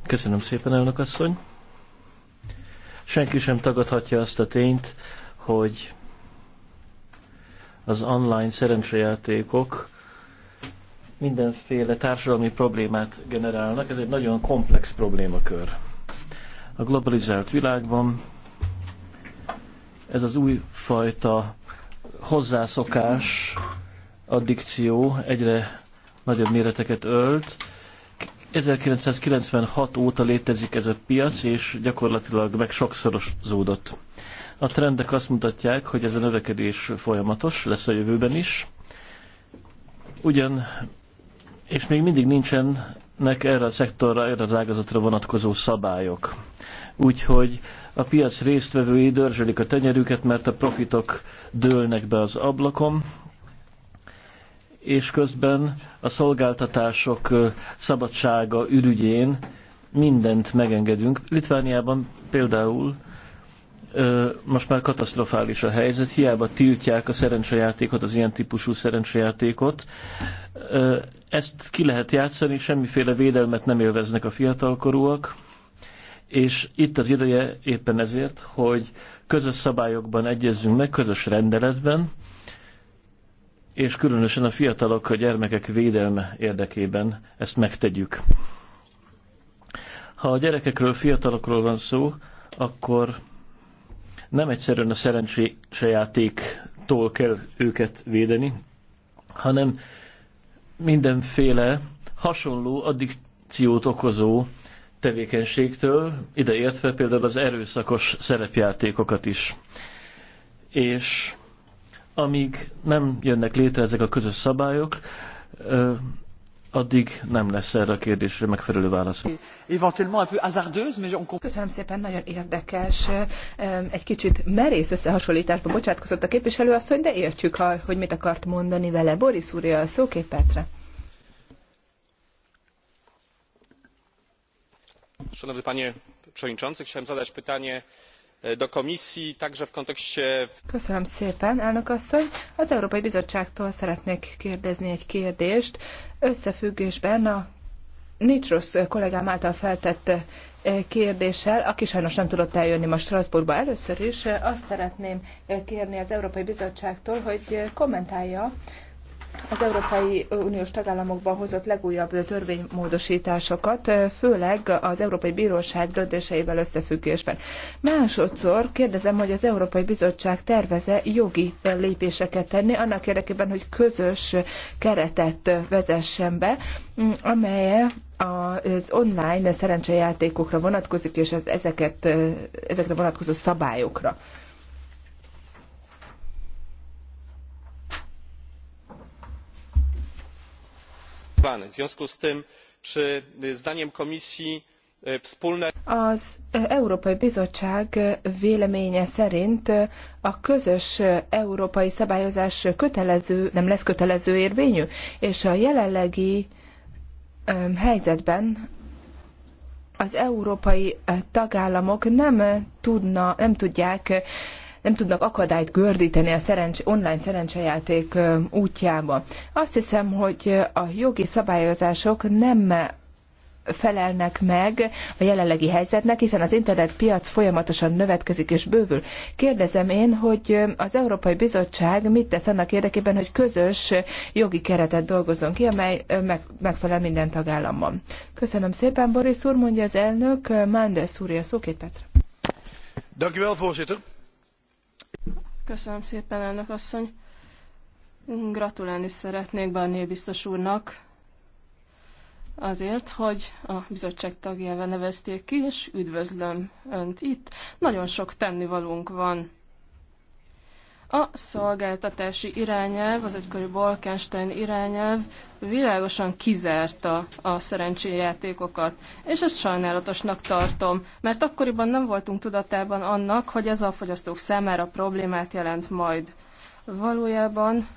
köszönöm szépen, elnök asszony. Senki sem tagadhatja azt a tényt, hogy az online szerencsejátékok mindenféle társadalmi problémát generálnak. Ez egy nagyon komplex problémakör. A globalizált világban ez az újfajta hozzászokás, addikció egyre nagyobb méreteket ölt. 1996 óta létezik ez a piac, és gyakorlatilag meg sokszorozódott. A trendek azt mutatják, hogy ez a növekedés folyamatos, lesz a jövőben is. Ugyan, és még mindig nincsenek erre a szektorra, erre az ágazatra vonatkozó szabályok úgyhogy a piac résztvevői dörzsölik a tenyerüket, mert a profitok dőlnek be az ablakon, és közben a szolgáltatások szabadsága ürügyén mindent megengedünk. Litvániában például most már katasztrofális a helyzet, hiába tiltják a szerencsejátékot, az ilyen típusú szerencsejátékot. Ezt ki lehet játszani, semmiféle védelmet nem élveznek a fiatalkorúak és itt az ideje éppen ezért, hogy közös szabályokban egyezzünk meg, közös rendeletben, és különösen a fiatalok, a gyermekek védelme érdekében ezt megtegyük. Ha a gyerekekről, fiatalokról van szó, akkor nem egyszerűen a szerencsésejátéktól kell őket védeni, hanem mindenféle hasonló addikciót okozó tevékenységtől, ideértve például az erőszakos szerepjátékokat is. És amíg nem jönnek létre ezek a közös szabályok, addig nem lesz erre a kérdésre megfelelő válasz. Köszönöm szépen, nagyon érdekes. Egy kicsit merész összehasonlításba bocsátkozott a képviselő asszony, de értjük, hogy mit akart mondani vele. Boris úrja a szó két percre. panie przewodniczący! chciałem zadać pytanie e, do komisji także w kontekście. köszönöm szépen elnök asszony az európai bizottságtól szeretnék kérdezni egy kérdést összefüggésben a Nitros kollégám által feltett e, kérdéssel, aki sajnos nem tudott eljönni ma Strasbourgba először is, e, azt szeretném kérni az Európai Bizottságtól, hogy kommentálja az Európai Uniós tagállamokban hozott legújabb törvénymódosításokat, főleg az Európai Bíróság döntéseivel összefüggésben. Másodszor kérdezem, hogy az Európai Bizottság terveze jogi lépéseket tenni, annak érdekében, hogy közös keretet vezessen be, amelye az online szerencsejátékokra vonatkozik, és az ezeket, ezekre vonatkozó szabályokra. w związku z tym czy zdaniem komisji wspólne. az európai bizottság véleménye szerint a közös európai szabályozás kötelező nem lesz kötelező érvényű és a jelenlegi helyzetben az európai tagállamok nem tudna nem tudják nem tudnak akadályt gördíteni a szerencs, online szerencsejáték útjába. Azt hiszem, hogy a jogi szabályozások nem felelnek meg a jelenlegi helyzetnek, hiszen az internetpiac folyamatosan növetkezik és bővül. Kérdezem én, hogy az Európai Bizottság mit tesz annak érdekében, hogy közös jogi keretet dolgozzon ki, amely megfelel minden tagállamban. Köszönöm szépen, Boris úr, mondja az elnök. Mández úr, a szó két percre. Dank u wel, voorzitter. Köszönöm szépen, elnök asszony. Gratulálni szeretnék Barnier biztos úrnak azért, hogy a bizottság tagjává nevezték ki, és üdvözlöm Önt itt. Nagyon sok tennivalónk van a szolgáltatási irányelv, az egykori Balkánstein irányelv világosan kizárta a szerencséjátékokat, és ezt sajnálatosnak tartom, mert akkoriban nem voltunk tudatában annak, hogy ez a fogyasztók számára problémát jelent majd. Valójában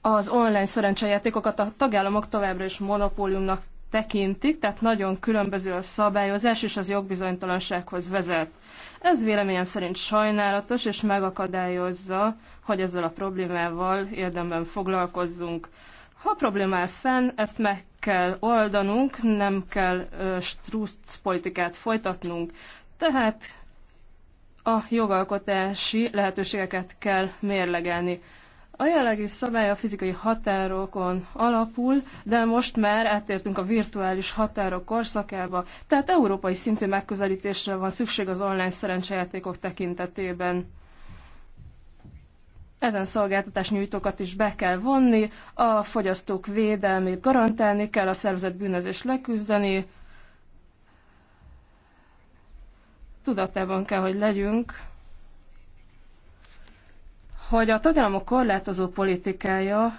az online szerencsejátékokat a tagállamok továbbra is monopóliumnak tekintik, tehát nagyon különböző a szabályozás, és az jogbizonytalansághoz vezet. Ez véleményem szerint sajnálatos, és megakadályozza, hogy ezzel a problémával érdemben foglalkozzunk. Ha a problémál fenn, ezt meg kell oldanunk, nem kell strusz politikát folytatnunk. Tehát a jogalkotási lehetőségeket kell mérlegelni. A jelenlegi szabály a fizikai határokon alapul, de most már áttértünk a virtuális határok korszakába, tehát európai szintű megközelítésre van szükség az online szerencsejátékok tekintetében. Ezen szolgáltatás nyújtókat is be kell vonni, a fogyasztók védelmét garantálni kell, a szervezet bűnözés leküzdeni. Tudatában kell, hogy legyünk hogy a tagállamok korlátozó politikája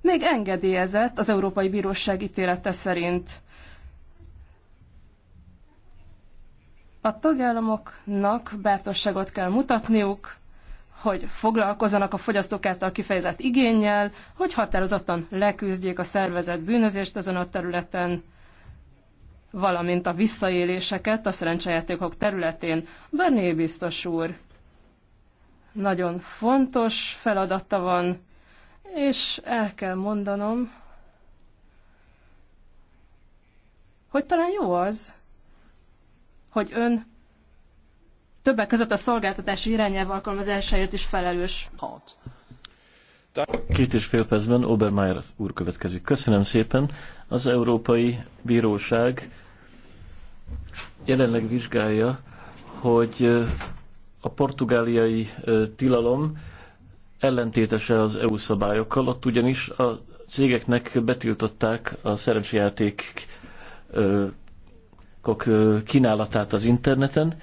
még engedélyezett az Európai Bíróság ítélete szerint. A tagállamoknak bátorságot kell mutatniuk, hogy foglalkozzanak a fogyasztók által kifejezett igényel, hogy határozottan leküzdjék a szervezett bűnözést ezen a területen, valamint a visszaéléseket a szerencsejátékok területén. Berné biztos úr, nagyon fontos feladata van, és el kell mondanom, hogy talán jó az, hogy ön többek között a szolgáltatási irányelv alkalmazásáért is felelős. Két és fél percben Obermeier úr következik. Köszönöm szépen. Az Európai Bíróság jelenleg vizsgálja, hogy a portugáliai tilalom ellentétese az EU szabályokkal, ott ugyanis a cégeknek betiltották a szerencsejátékok kínálatát az interneten.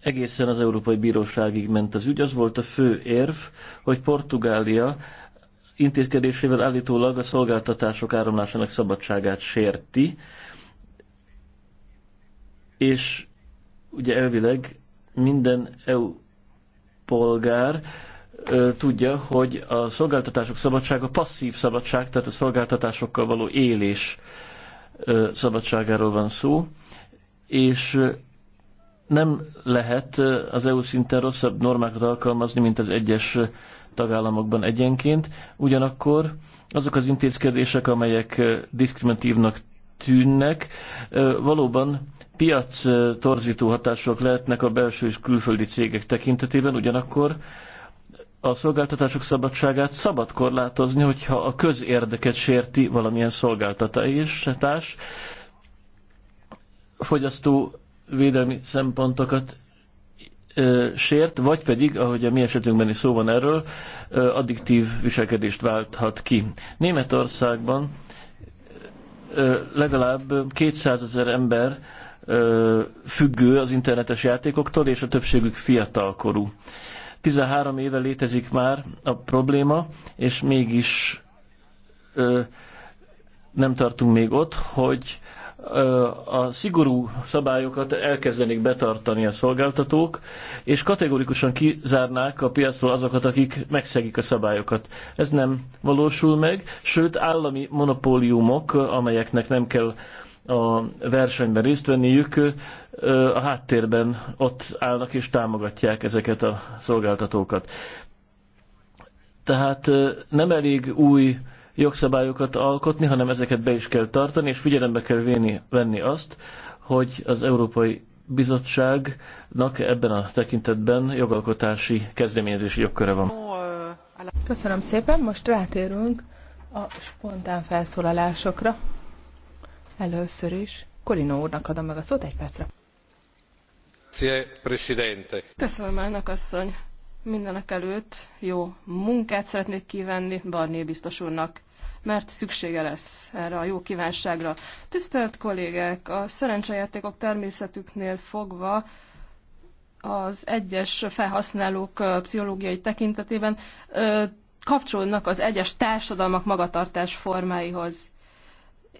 Egészen az Európai Bíróságig ment az ügy. Az volt a fő érv, hogy Portugália intézkedésével állítólag a szolgáltatások áramlásának szabadságát sérti, és ugye elvileg minden EU polgár ö, tudja, hogy a szolgáltatások szabadsága passzív szabadság, tehát a szolgáltatásokkal való élés ö, szabadságáról van szó, és nem lehet az EU szinten rosszabb normákat alkalmazni, mint az egyes tagállamokban egyenként. Ugyanakkor azok az intézkedések, amelyek diszkriminatívnak tűnnek, valóban piac torzító hatások lehetnek a belső és külföldi cégek tekintetében, ugyanakkor a szolgáltatások szabadságát szabad korlátozni, hogyha a közérdeket sérti valamilyen szolgáltatás, fogyasztó védelmi szempontokat sért, vagy pedig, ahogy a mi esetünkben is szó van erről, addiktív viselkedést válthat ki. Németországban legalább 200 ezer ember függő az internetes játékoktól, és a többségük fiatalkorú. 13 éve létezik már a probléma, és mégis ö, nem tartunk még ott, hogy ö, a szigorú szabályokat elkezdenék betartani a szolgáltatók, és kategorikusan kizárnák a piacról azokat, akik megszegik a szabályokat. Ez nem valósul meg, sőt állami monopóliumok, amelyeknek nem kell a versenyben részt venniük, a háttérben ott állnak és támogatják ezeket a szolgáltatókat. Tehát nem elég új jogszabályokat alkotni, hanem ezeket be is kell tartani, és figyelembe kell véni, venni azt, hogy az Európai Bizottságnak ebben a tekintetben jogalkotási kezdeményezési jogköre van. Köszönöm szépen, most rátérünk a spontán felszólalásokra. Először is Kolino úrnak adom meg a szót egy percre. Köszönöm, elnök asszony. Mindenek előtt jó munkát szeretnék kívánni Barné biztos úrnak mert szüksége lesz erre a jó kívánságra. Tisztelt kollégák, a szerencsejátékok természetüknél fogva az egyes felhasználók pszichológiai tekintetében kapcsolódnak az egyes társadalmak magatartás formáihoz.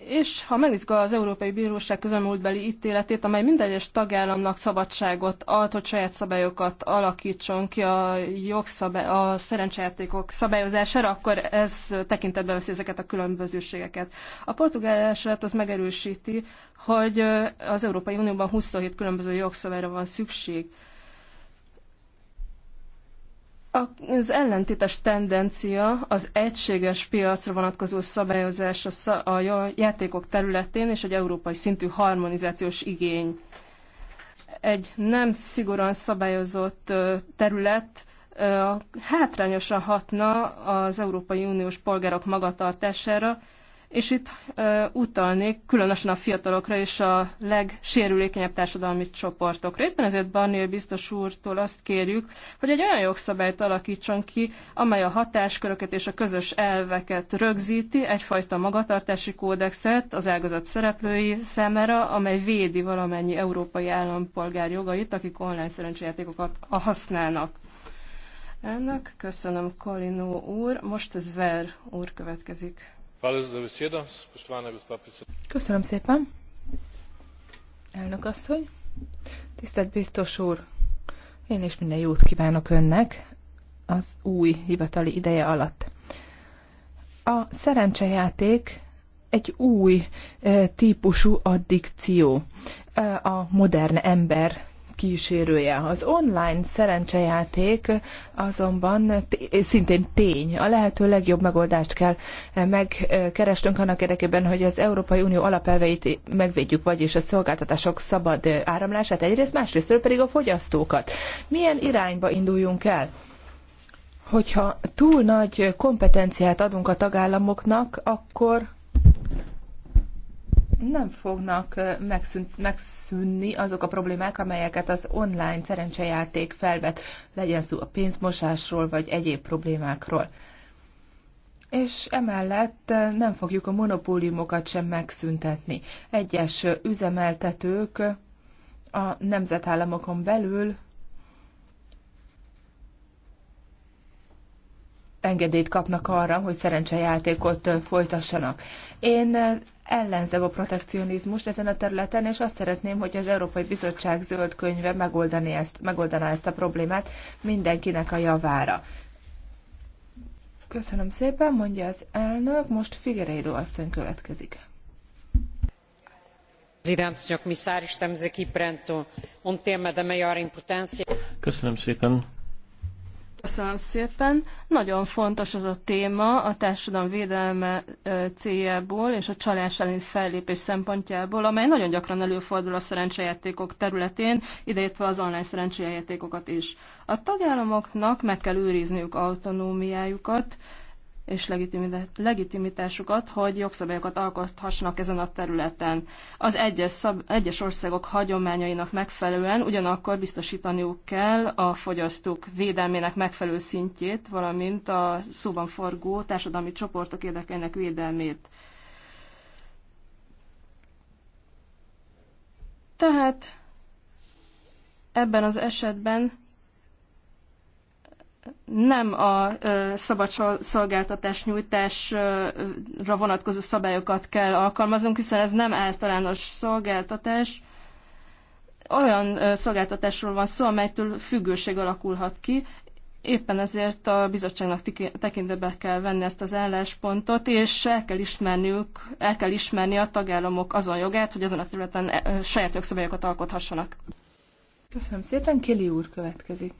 És ha megnézzük az Európai Bíróság közelmúltbeli ítéletét, amely minden egyes tagállamnak szabadságot ad, hogy saját szabályokat alakítson ki a, jogszabály, a szerencsejátékok szabályozására, akkor ez tekintetbe veszi ezeket a különbözőségeket. A portugál eset az megerősíti, hogy az Európai Unióban 27 különböző jogszabályra van szükség. Az ellentétes tendencia az egységes piacra vonatkozó szabályozás a játékok területén és egy európai szintű harmonizációs igény. Egy nem szigorúan szabályozott terület hátrányosan hatna az Európai Uniós polgárok magatartására, és itt utalnék különösen a fiatalokra és a legsérülékenyebb társadalmi csoportokra. Éppen ezért Barnél biztos úrtól azt kérjük, hogy egy olyan jogszabályt alakítson ki, amely a hatásköröket és a közös elveket rögzíti, egyfajta magatartási kódexet az ágazat szereplői számára, amely védi valamennyi európai állampolgár jogait, akik online szerencsejátékokat használnak. Ennek köszönöm Kalinó úr, most Ver úr következik. Köszönöm szépen. Elnök asszony, tisztelt biztos úr, én is minden jót kívánok önnek az új hivatali ideje alatt. A szerencsejáték egy új típusú addikció. A modern ember kísérője. Az online szerencsejáték azonban szintén tény. A lehető legjobb megoldást kell megkerestünk annak érdekében, hogy az Európai Unió alapelveit megvédjük, vagyis a szolgáltatások szabad áramlását egyrészt, másrészt pedig a fogyasztókat. Milyen irányba induljunk el? Hogyha túl nagy kompetenciát adunk a tagállamoknak, akkor nem fognak megszűn, megszűnni azok a problémák, amelyeket az online szerencsejáték felvet, legyen szó a pénzmosásról vagy egyéb problémákról. És emellett nem fogjuk a monopóliumokat sem megszüntetni. Egyes üzemeltetők a nemzetállamokon belül engedélyt kapnak arra, hogy szerencsejátékot folytassanak. Én ellenzem a protekcionizmust ezen a területen, és azt szeretném, hogy az Európai Bizottság zöld könyve megoldani ezt, megoldaná ezt a problémát mindenkinek a javára. Köszönöm szépen, mondja az elnök, most Figueiredo asszony következik. Um Köszönöm szépen, Köszönöm szépen. Nagyon fontos az a téma a társadalom védelme céljából és a csalás elleni fellépés szempontjából, amely nagyon gyakran előfordul a szerencsejátékok területén, ideértve az online szerencsejátékokat is. A tagállamoknak meg kell őrizniük autonómiájukat, és legitimitásukat, hogy jogszabályokat alkothassanak ezen a területen. Az egyes, szab, egyes országok hagyományainak megfelelően ugyanakkor biztosítaniuk kell a fogyasztók védelmének megfelelő szintjét, valamint a szóban forgó társadalmi csoportok érdekeinek védelmét. Tehát ebben az esetben nem a szabad szolgáltatás nyújtásra vonatkozó szabályokat kell alkalmaznunk, hiszen ez nem általános szolgáltatás. Olyan szolgáltatásról van szó, amelytől függőség alakulhat ki, éppen ezért a bizottságnak tekintetbe kell venni ezt az álláspontot, és el kell ismerniük, el kell ismerni a tagállamok azon jogát, hogy ezen a területen saját jogszabályokat alkothassanak. Köszönöm szépen, Kéli úr következik.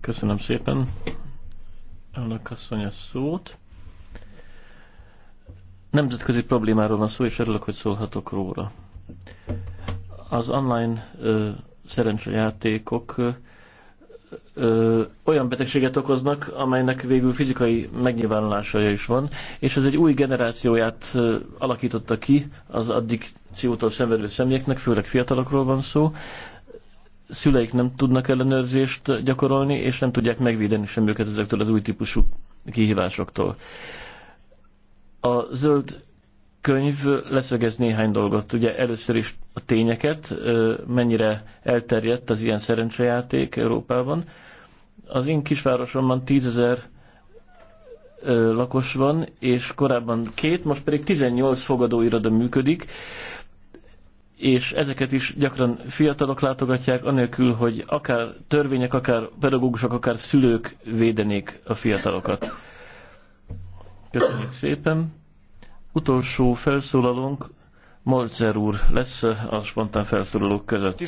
Köszönöm szépen, elnök asszony a szót. Nemzetközi problémáról van szó, és örülök, hogy szólhatok róla. Az online szerencsejátékok olyan betegséget okoznak, amelynek végül fizikai megnyilvánulása is van, és ez egy új generációját ö, alakította ki az addikciótól szenvedő személyeknek, főleg fiatalokról van szó, szüleik nem tudnak ellenőrzést gyakorolni, és nem tudják megvédeni sem őket ezektől az új típusú kihívásoktól. A zöld könyv leszögez néhány dolgot. Ugye először is a tényeket, mennyire elterjedt az ilyen szerencsejáték Európában. Az én kisvárosomban tízezer lakos van, és korábban két, most pedig 18 fogadóiroda működik és ezeket is gyakran fiatalok látogatják, anélkül, hogy akár törvények, akár pedagógusok, akár szülők védenék a fiatalokat. Köszönjük szépen. Utolsó felszólalónk Molzer úr lesz a spontán felszólalók között.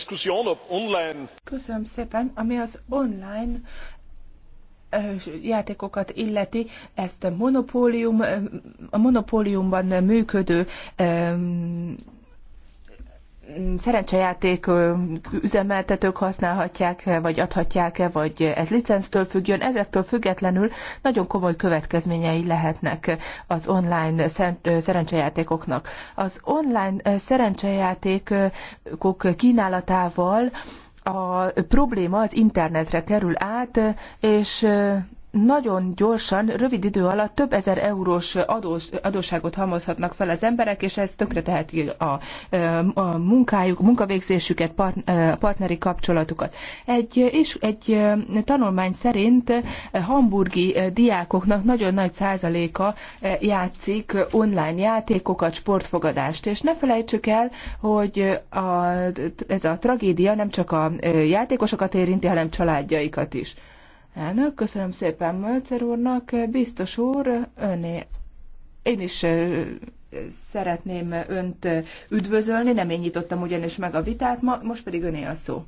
Köszönöm szépen, ami az online játékokat illeti, ezt a monopólium, a monopóliumban működő szerencsejáték üzemeltetők használhatják-e, vagy adhatják-e, vagy ez licenctől függjön, ezektől függetlenül nagyon komoly következményei lehetnek az online szerencsejátékoknak. Az online szerencsejátékok kínálatával a probléma az internetre kerül át, és nagyon gyorsan, rövid idő alatt több ezer eurós adós, adósságot halmozhatnak fel az emberek, és ez teheti a, a munkájuk, a munkavégzésüket, part, partneri kapcsolatukat. Egy, és egy tanulmány szerint hamburgi diákoknak nagyon nagy százaléka játszik online játékokat, sportfogadást, és ne felejtsük el, hogy a, ez a tragédia nem csak a játékosokat érinti, hanem családjaikat is. Elnök, köszönöm szépen Mölcer úrnak. Biztos úr, öné, én is szeretném önt üdvözölni, nem én nyitottam ugyanis meg a vitát, ma, most pedig öné a szó.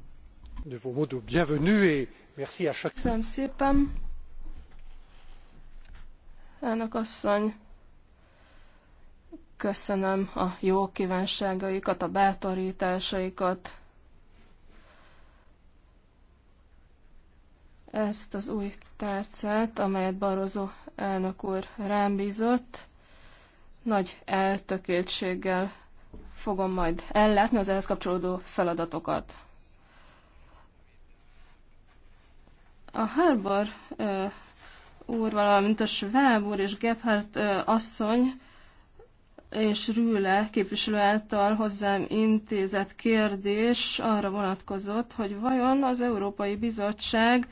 De vos mots bienvenue et merci à chaque... Köszönöm szépen. Elnök asszony, köszönöm a jó kívánságaikat, a bátorításaikat, ezt az új tárcát, amelyet Barozó elnök úr rám bízott. Nagy eltökéltséggel fogom majd ellátni az ehhez kapcsolódó feladatokat. A Harbor uh, úr, valamint a Schwab úr és Gebhardt uh, asszony és Rüle képviselő által hozzám intézett kérdés arra vonatkozott, hogy vajon az Európai Bizottság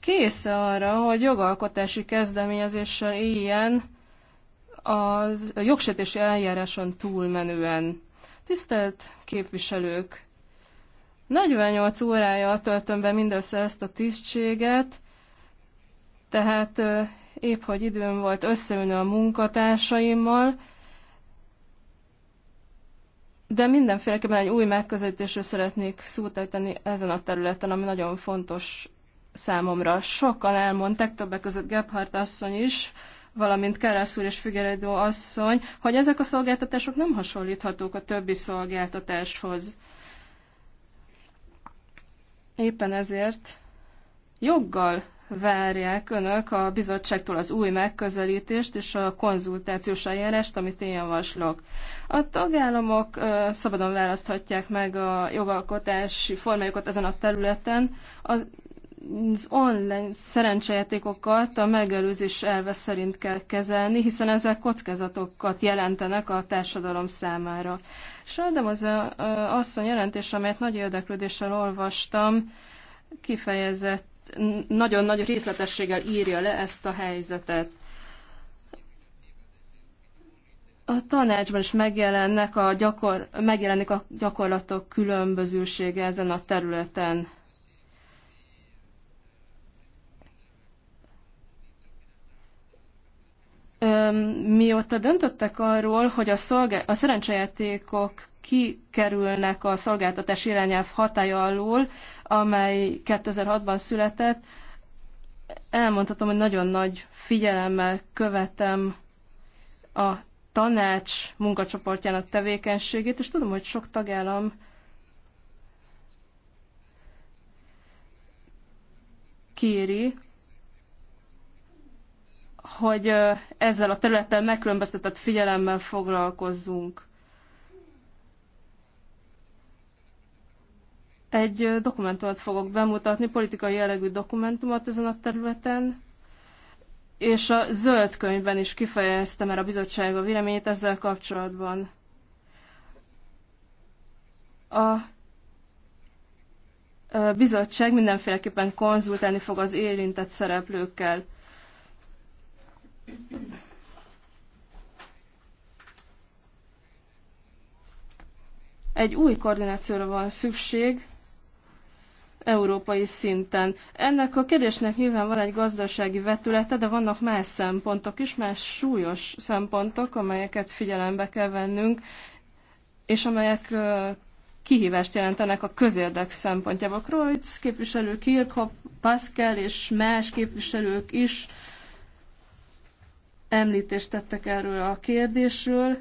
kész arra, hogy jogalkotási kezdeményezéssel éljen a jogsértési eljáráson túlmenően. Tisztelt képviselők! 48 órája töltöm be mindössze ezt a tisztséget, tehát épp hogy időm volt összeülni a munkatársaimmal, de mindenféleképpen egy új megközelítésről szeretnék szót ezen a területen, ami nagyon fontos számomra. Sokan elmondták, többek között Gebhardt asszony is, valamint Kerász úr és Figueredo asszony, hogy ezek a szolgáltatások nem hasonlíthatók a többi szolgáltatáshoz. Éppen ezért joggal várják önök a bizottságtól az új megközelítést és a konzultációs eljárást, amit én javaslok. A tagállamok szabadon választhatják meg a jogalkotási formájukat ezen a területen, a az online szerencsejátékokat a megelőzés elve szerint kell kezelni, hiszen ezek kockázatokat jelentenek a társadalom számára. Sajnálom az a, a, asszony jelentés, amelyet nagy érdeklődéssel olvastam, kifejezett nagyon nagy részletességgel írja le ezt a helyzetet. A tanácsban is megjelennek a gyakor, megjelenik a gyakorlatok különbözősége ezen a területen mióta döntöttek arról, hogy a, szolgá- a szerencsejátékok kikerülnek a szolgáltatás irányelv hatája alól, amely 2006-ban született, elmondhatom, hogy nagyon nagy figyelemmel követem a tanács munkacsoportjának tevékenységét, és tudom, hogy sok tagállam kéri, hogy ezzel a területtel megkülönböztetett figyelemmel foglalkozzunk. Egy dokumentumot fogok bemutatni, politikai jellegű dokumentumot ezen a területen, és a zöld könyvben is kifejezte már a bizottság a véleményét ezzel kapcsolatban. A bizottság mindenféleképpen konzultálni fog az érintett szereplőkkel. Egy új koordinációra van szükség európai szinten. Ennek a kérdésnek nyilván van egy gazdasági vetülete, de vannak más szempontok is, más súlyos szempontok, amelyeket figyelembe kell vennünk, és amelyek kihívást jelentenek a közérdek szempontjából. Kreutz képviselő, Kirchhoff, Pascal és más képviselők is említést tettek erről a kérdésről.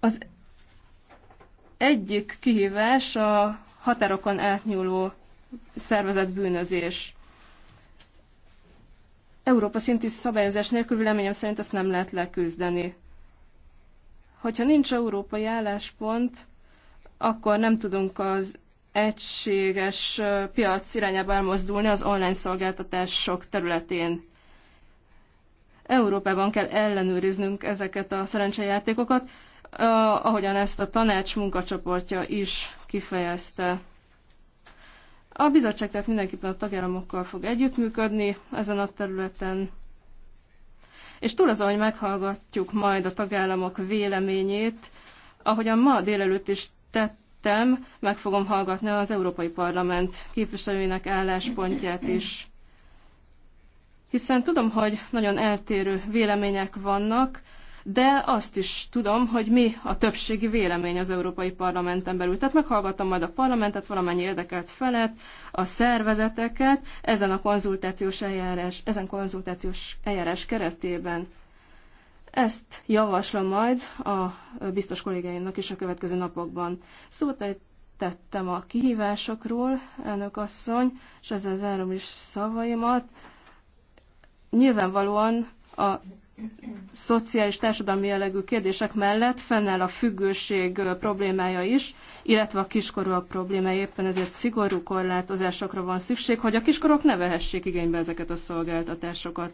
Az egyik kihívás a határokon átnyúló szervezetbűnözés. Európa szintű szabályozás nélkül véleményem szerint ezt nem lehet leküzdeni. Hogyha nincs európai álláspont, akkor nem tudunk az egységes piac irányába elmozdulni az online szolgáltatások területén. Európában kell ellenőriznünk ezeket a szerencsejátékokat, ahogyan ezt a tanács munkacsoportja is kifejezte. A bizottság tehát mindenképpen a tagállamokkal fog együttműködni ezen a területen, és túl azon, hogy meghallgatjuk majd a tagállamok véleményét, ahogyan ma délelőtt is tettem, meg fogom hallgatni az Európai Parlament képviselőinek álláspontját is hiszen tudom, hogy nagyon eltérő vélemények vannak, de azt is tudom, hogy mi a többségi vélemény az Európai Parlamenten belül. Tehát meghallgattam majd a parlamentet, valamennyi érdekelt felet, a szervezeteket ezen a konzultációs eljárás, ezen konzultációs eljárás keretében. Ezt javaslom majd a biztos kollégáimnak is a következő napokban. Szóval tettem a kihívásokról, elnök asszony, és ezzel zárom is szavaimat. Nyilvánvalóan a szociális társadalmi jellegű kérdések mellett fennáll a függőség problémája is, illetve a kiskorúak problémája éppen ezért szigorú korlátozásokra van szükség, hogy a kiskorok ne vehessék igénybe ezeket a szolgáltatásokat.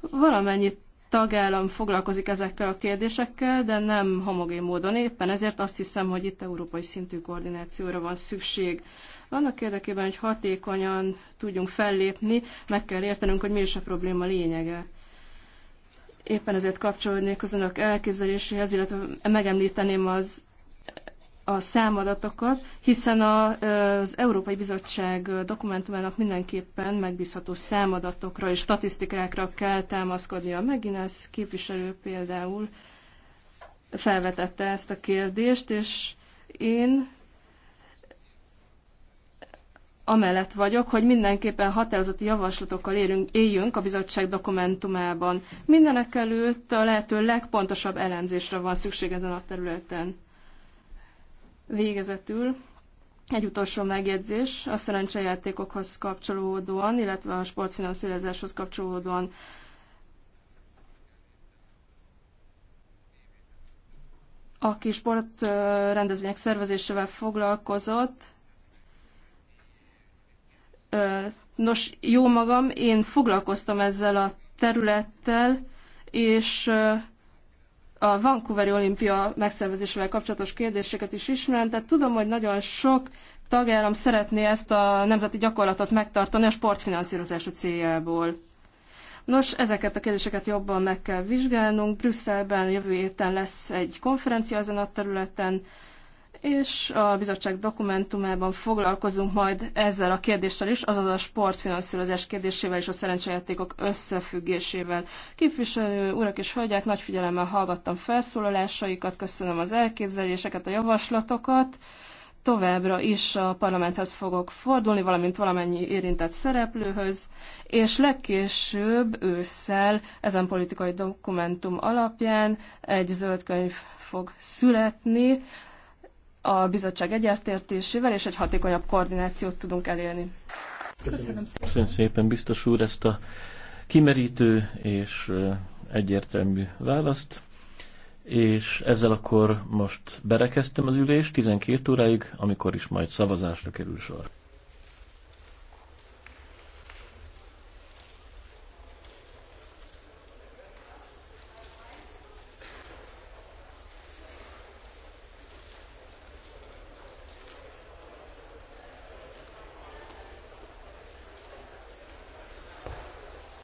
Valamennyi tagállam foglalkozik ezekkel a kérdésekkel, de nem homogén módon éppen, ezért azt hiszem, hogy itt európai szintű koordinációra van szükség. Annak érdekében, hogy hatékonyan tudjunk fellépni, meg kell értenünk, hogy mi is a probléma lényege. Éppen ezért kapcsolódnék az önök elképzeléséhez, illetve megemlíteném az a számadatokat, hiszen a, az Európai Bizottság dokumentumának mindenképpen megbízható számadatokra és statisztikákra kell támaszkodni. Megint ez képviselő például felvetette ezt a kérdést, és én amellett vagyok, hogy mindenképpen határozati javaslatokkal érünk, éljünk a bizottság dokumentumában. Mindenek előtt a lehető legpontosabb elemzésre van szükség ezen a területen. Végezetül egy utolsó megjegyzés a szerencsejátékokhoz kapcsolódóan, illetve a sportfinanszírozáshoz kapcsolódóan. Aki sportrendezvények szervezésével foglalkozott, Nos, jó magam, én foglalkoztam ezzel a területtel, és a Vancouveri olimpia megszervezésével kapcsolatos kérdéseket is ismerem, tehát tudom, hogy nagyon sok tagállam szeretné ezt a nemzeti gyakorlatot megtartani a sportfinanszírozása céljából. Nos, ezeket a kérdéseket jobban meg kell vizsgálnunk. Brüsszelben jövő héten lesz egy konferencia ezen a területen, és a bizottság dokumentumában foglalkozunk majd ezzel a kérdéssel is, azaz a sportfinanszírozás kérdésével és a szerencsejátékok összefüggésével. Képviselő urak és hölgyek, nagy figyelemmel hallgattam felszólalásaikat, köszönöm az elképzeléseket, a javaslatokat. Továbbra is a parlamenthez fogok fordulni, valamint valamennyi érintett szereplőhöz, és legkésőbb ősszel ezen politikai dokumentum alapján egy zöldkönyv fog születni, a bizottság egyetértésével, és egy hatékonyabb koordinációt tudunk elérni. Köszönöm szépen. Köszönöm szépen, biztos úr, ezt a kimerítő és egyértelmű választ. És ezzel akkor most berekeztem az ülést 12 óráig, amikor is majd szavazásra kerül sor.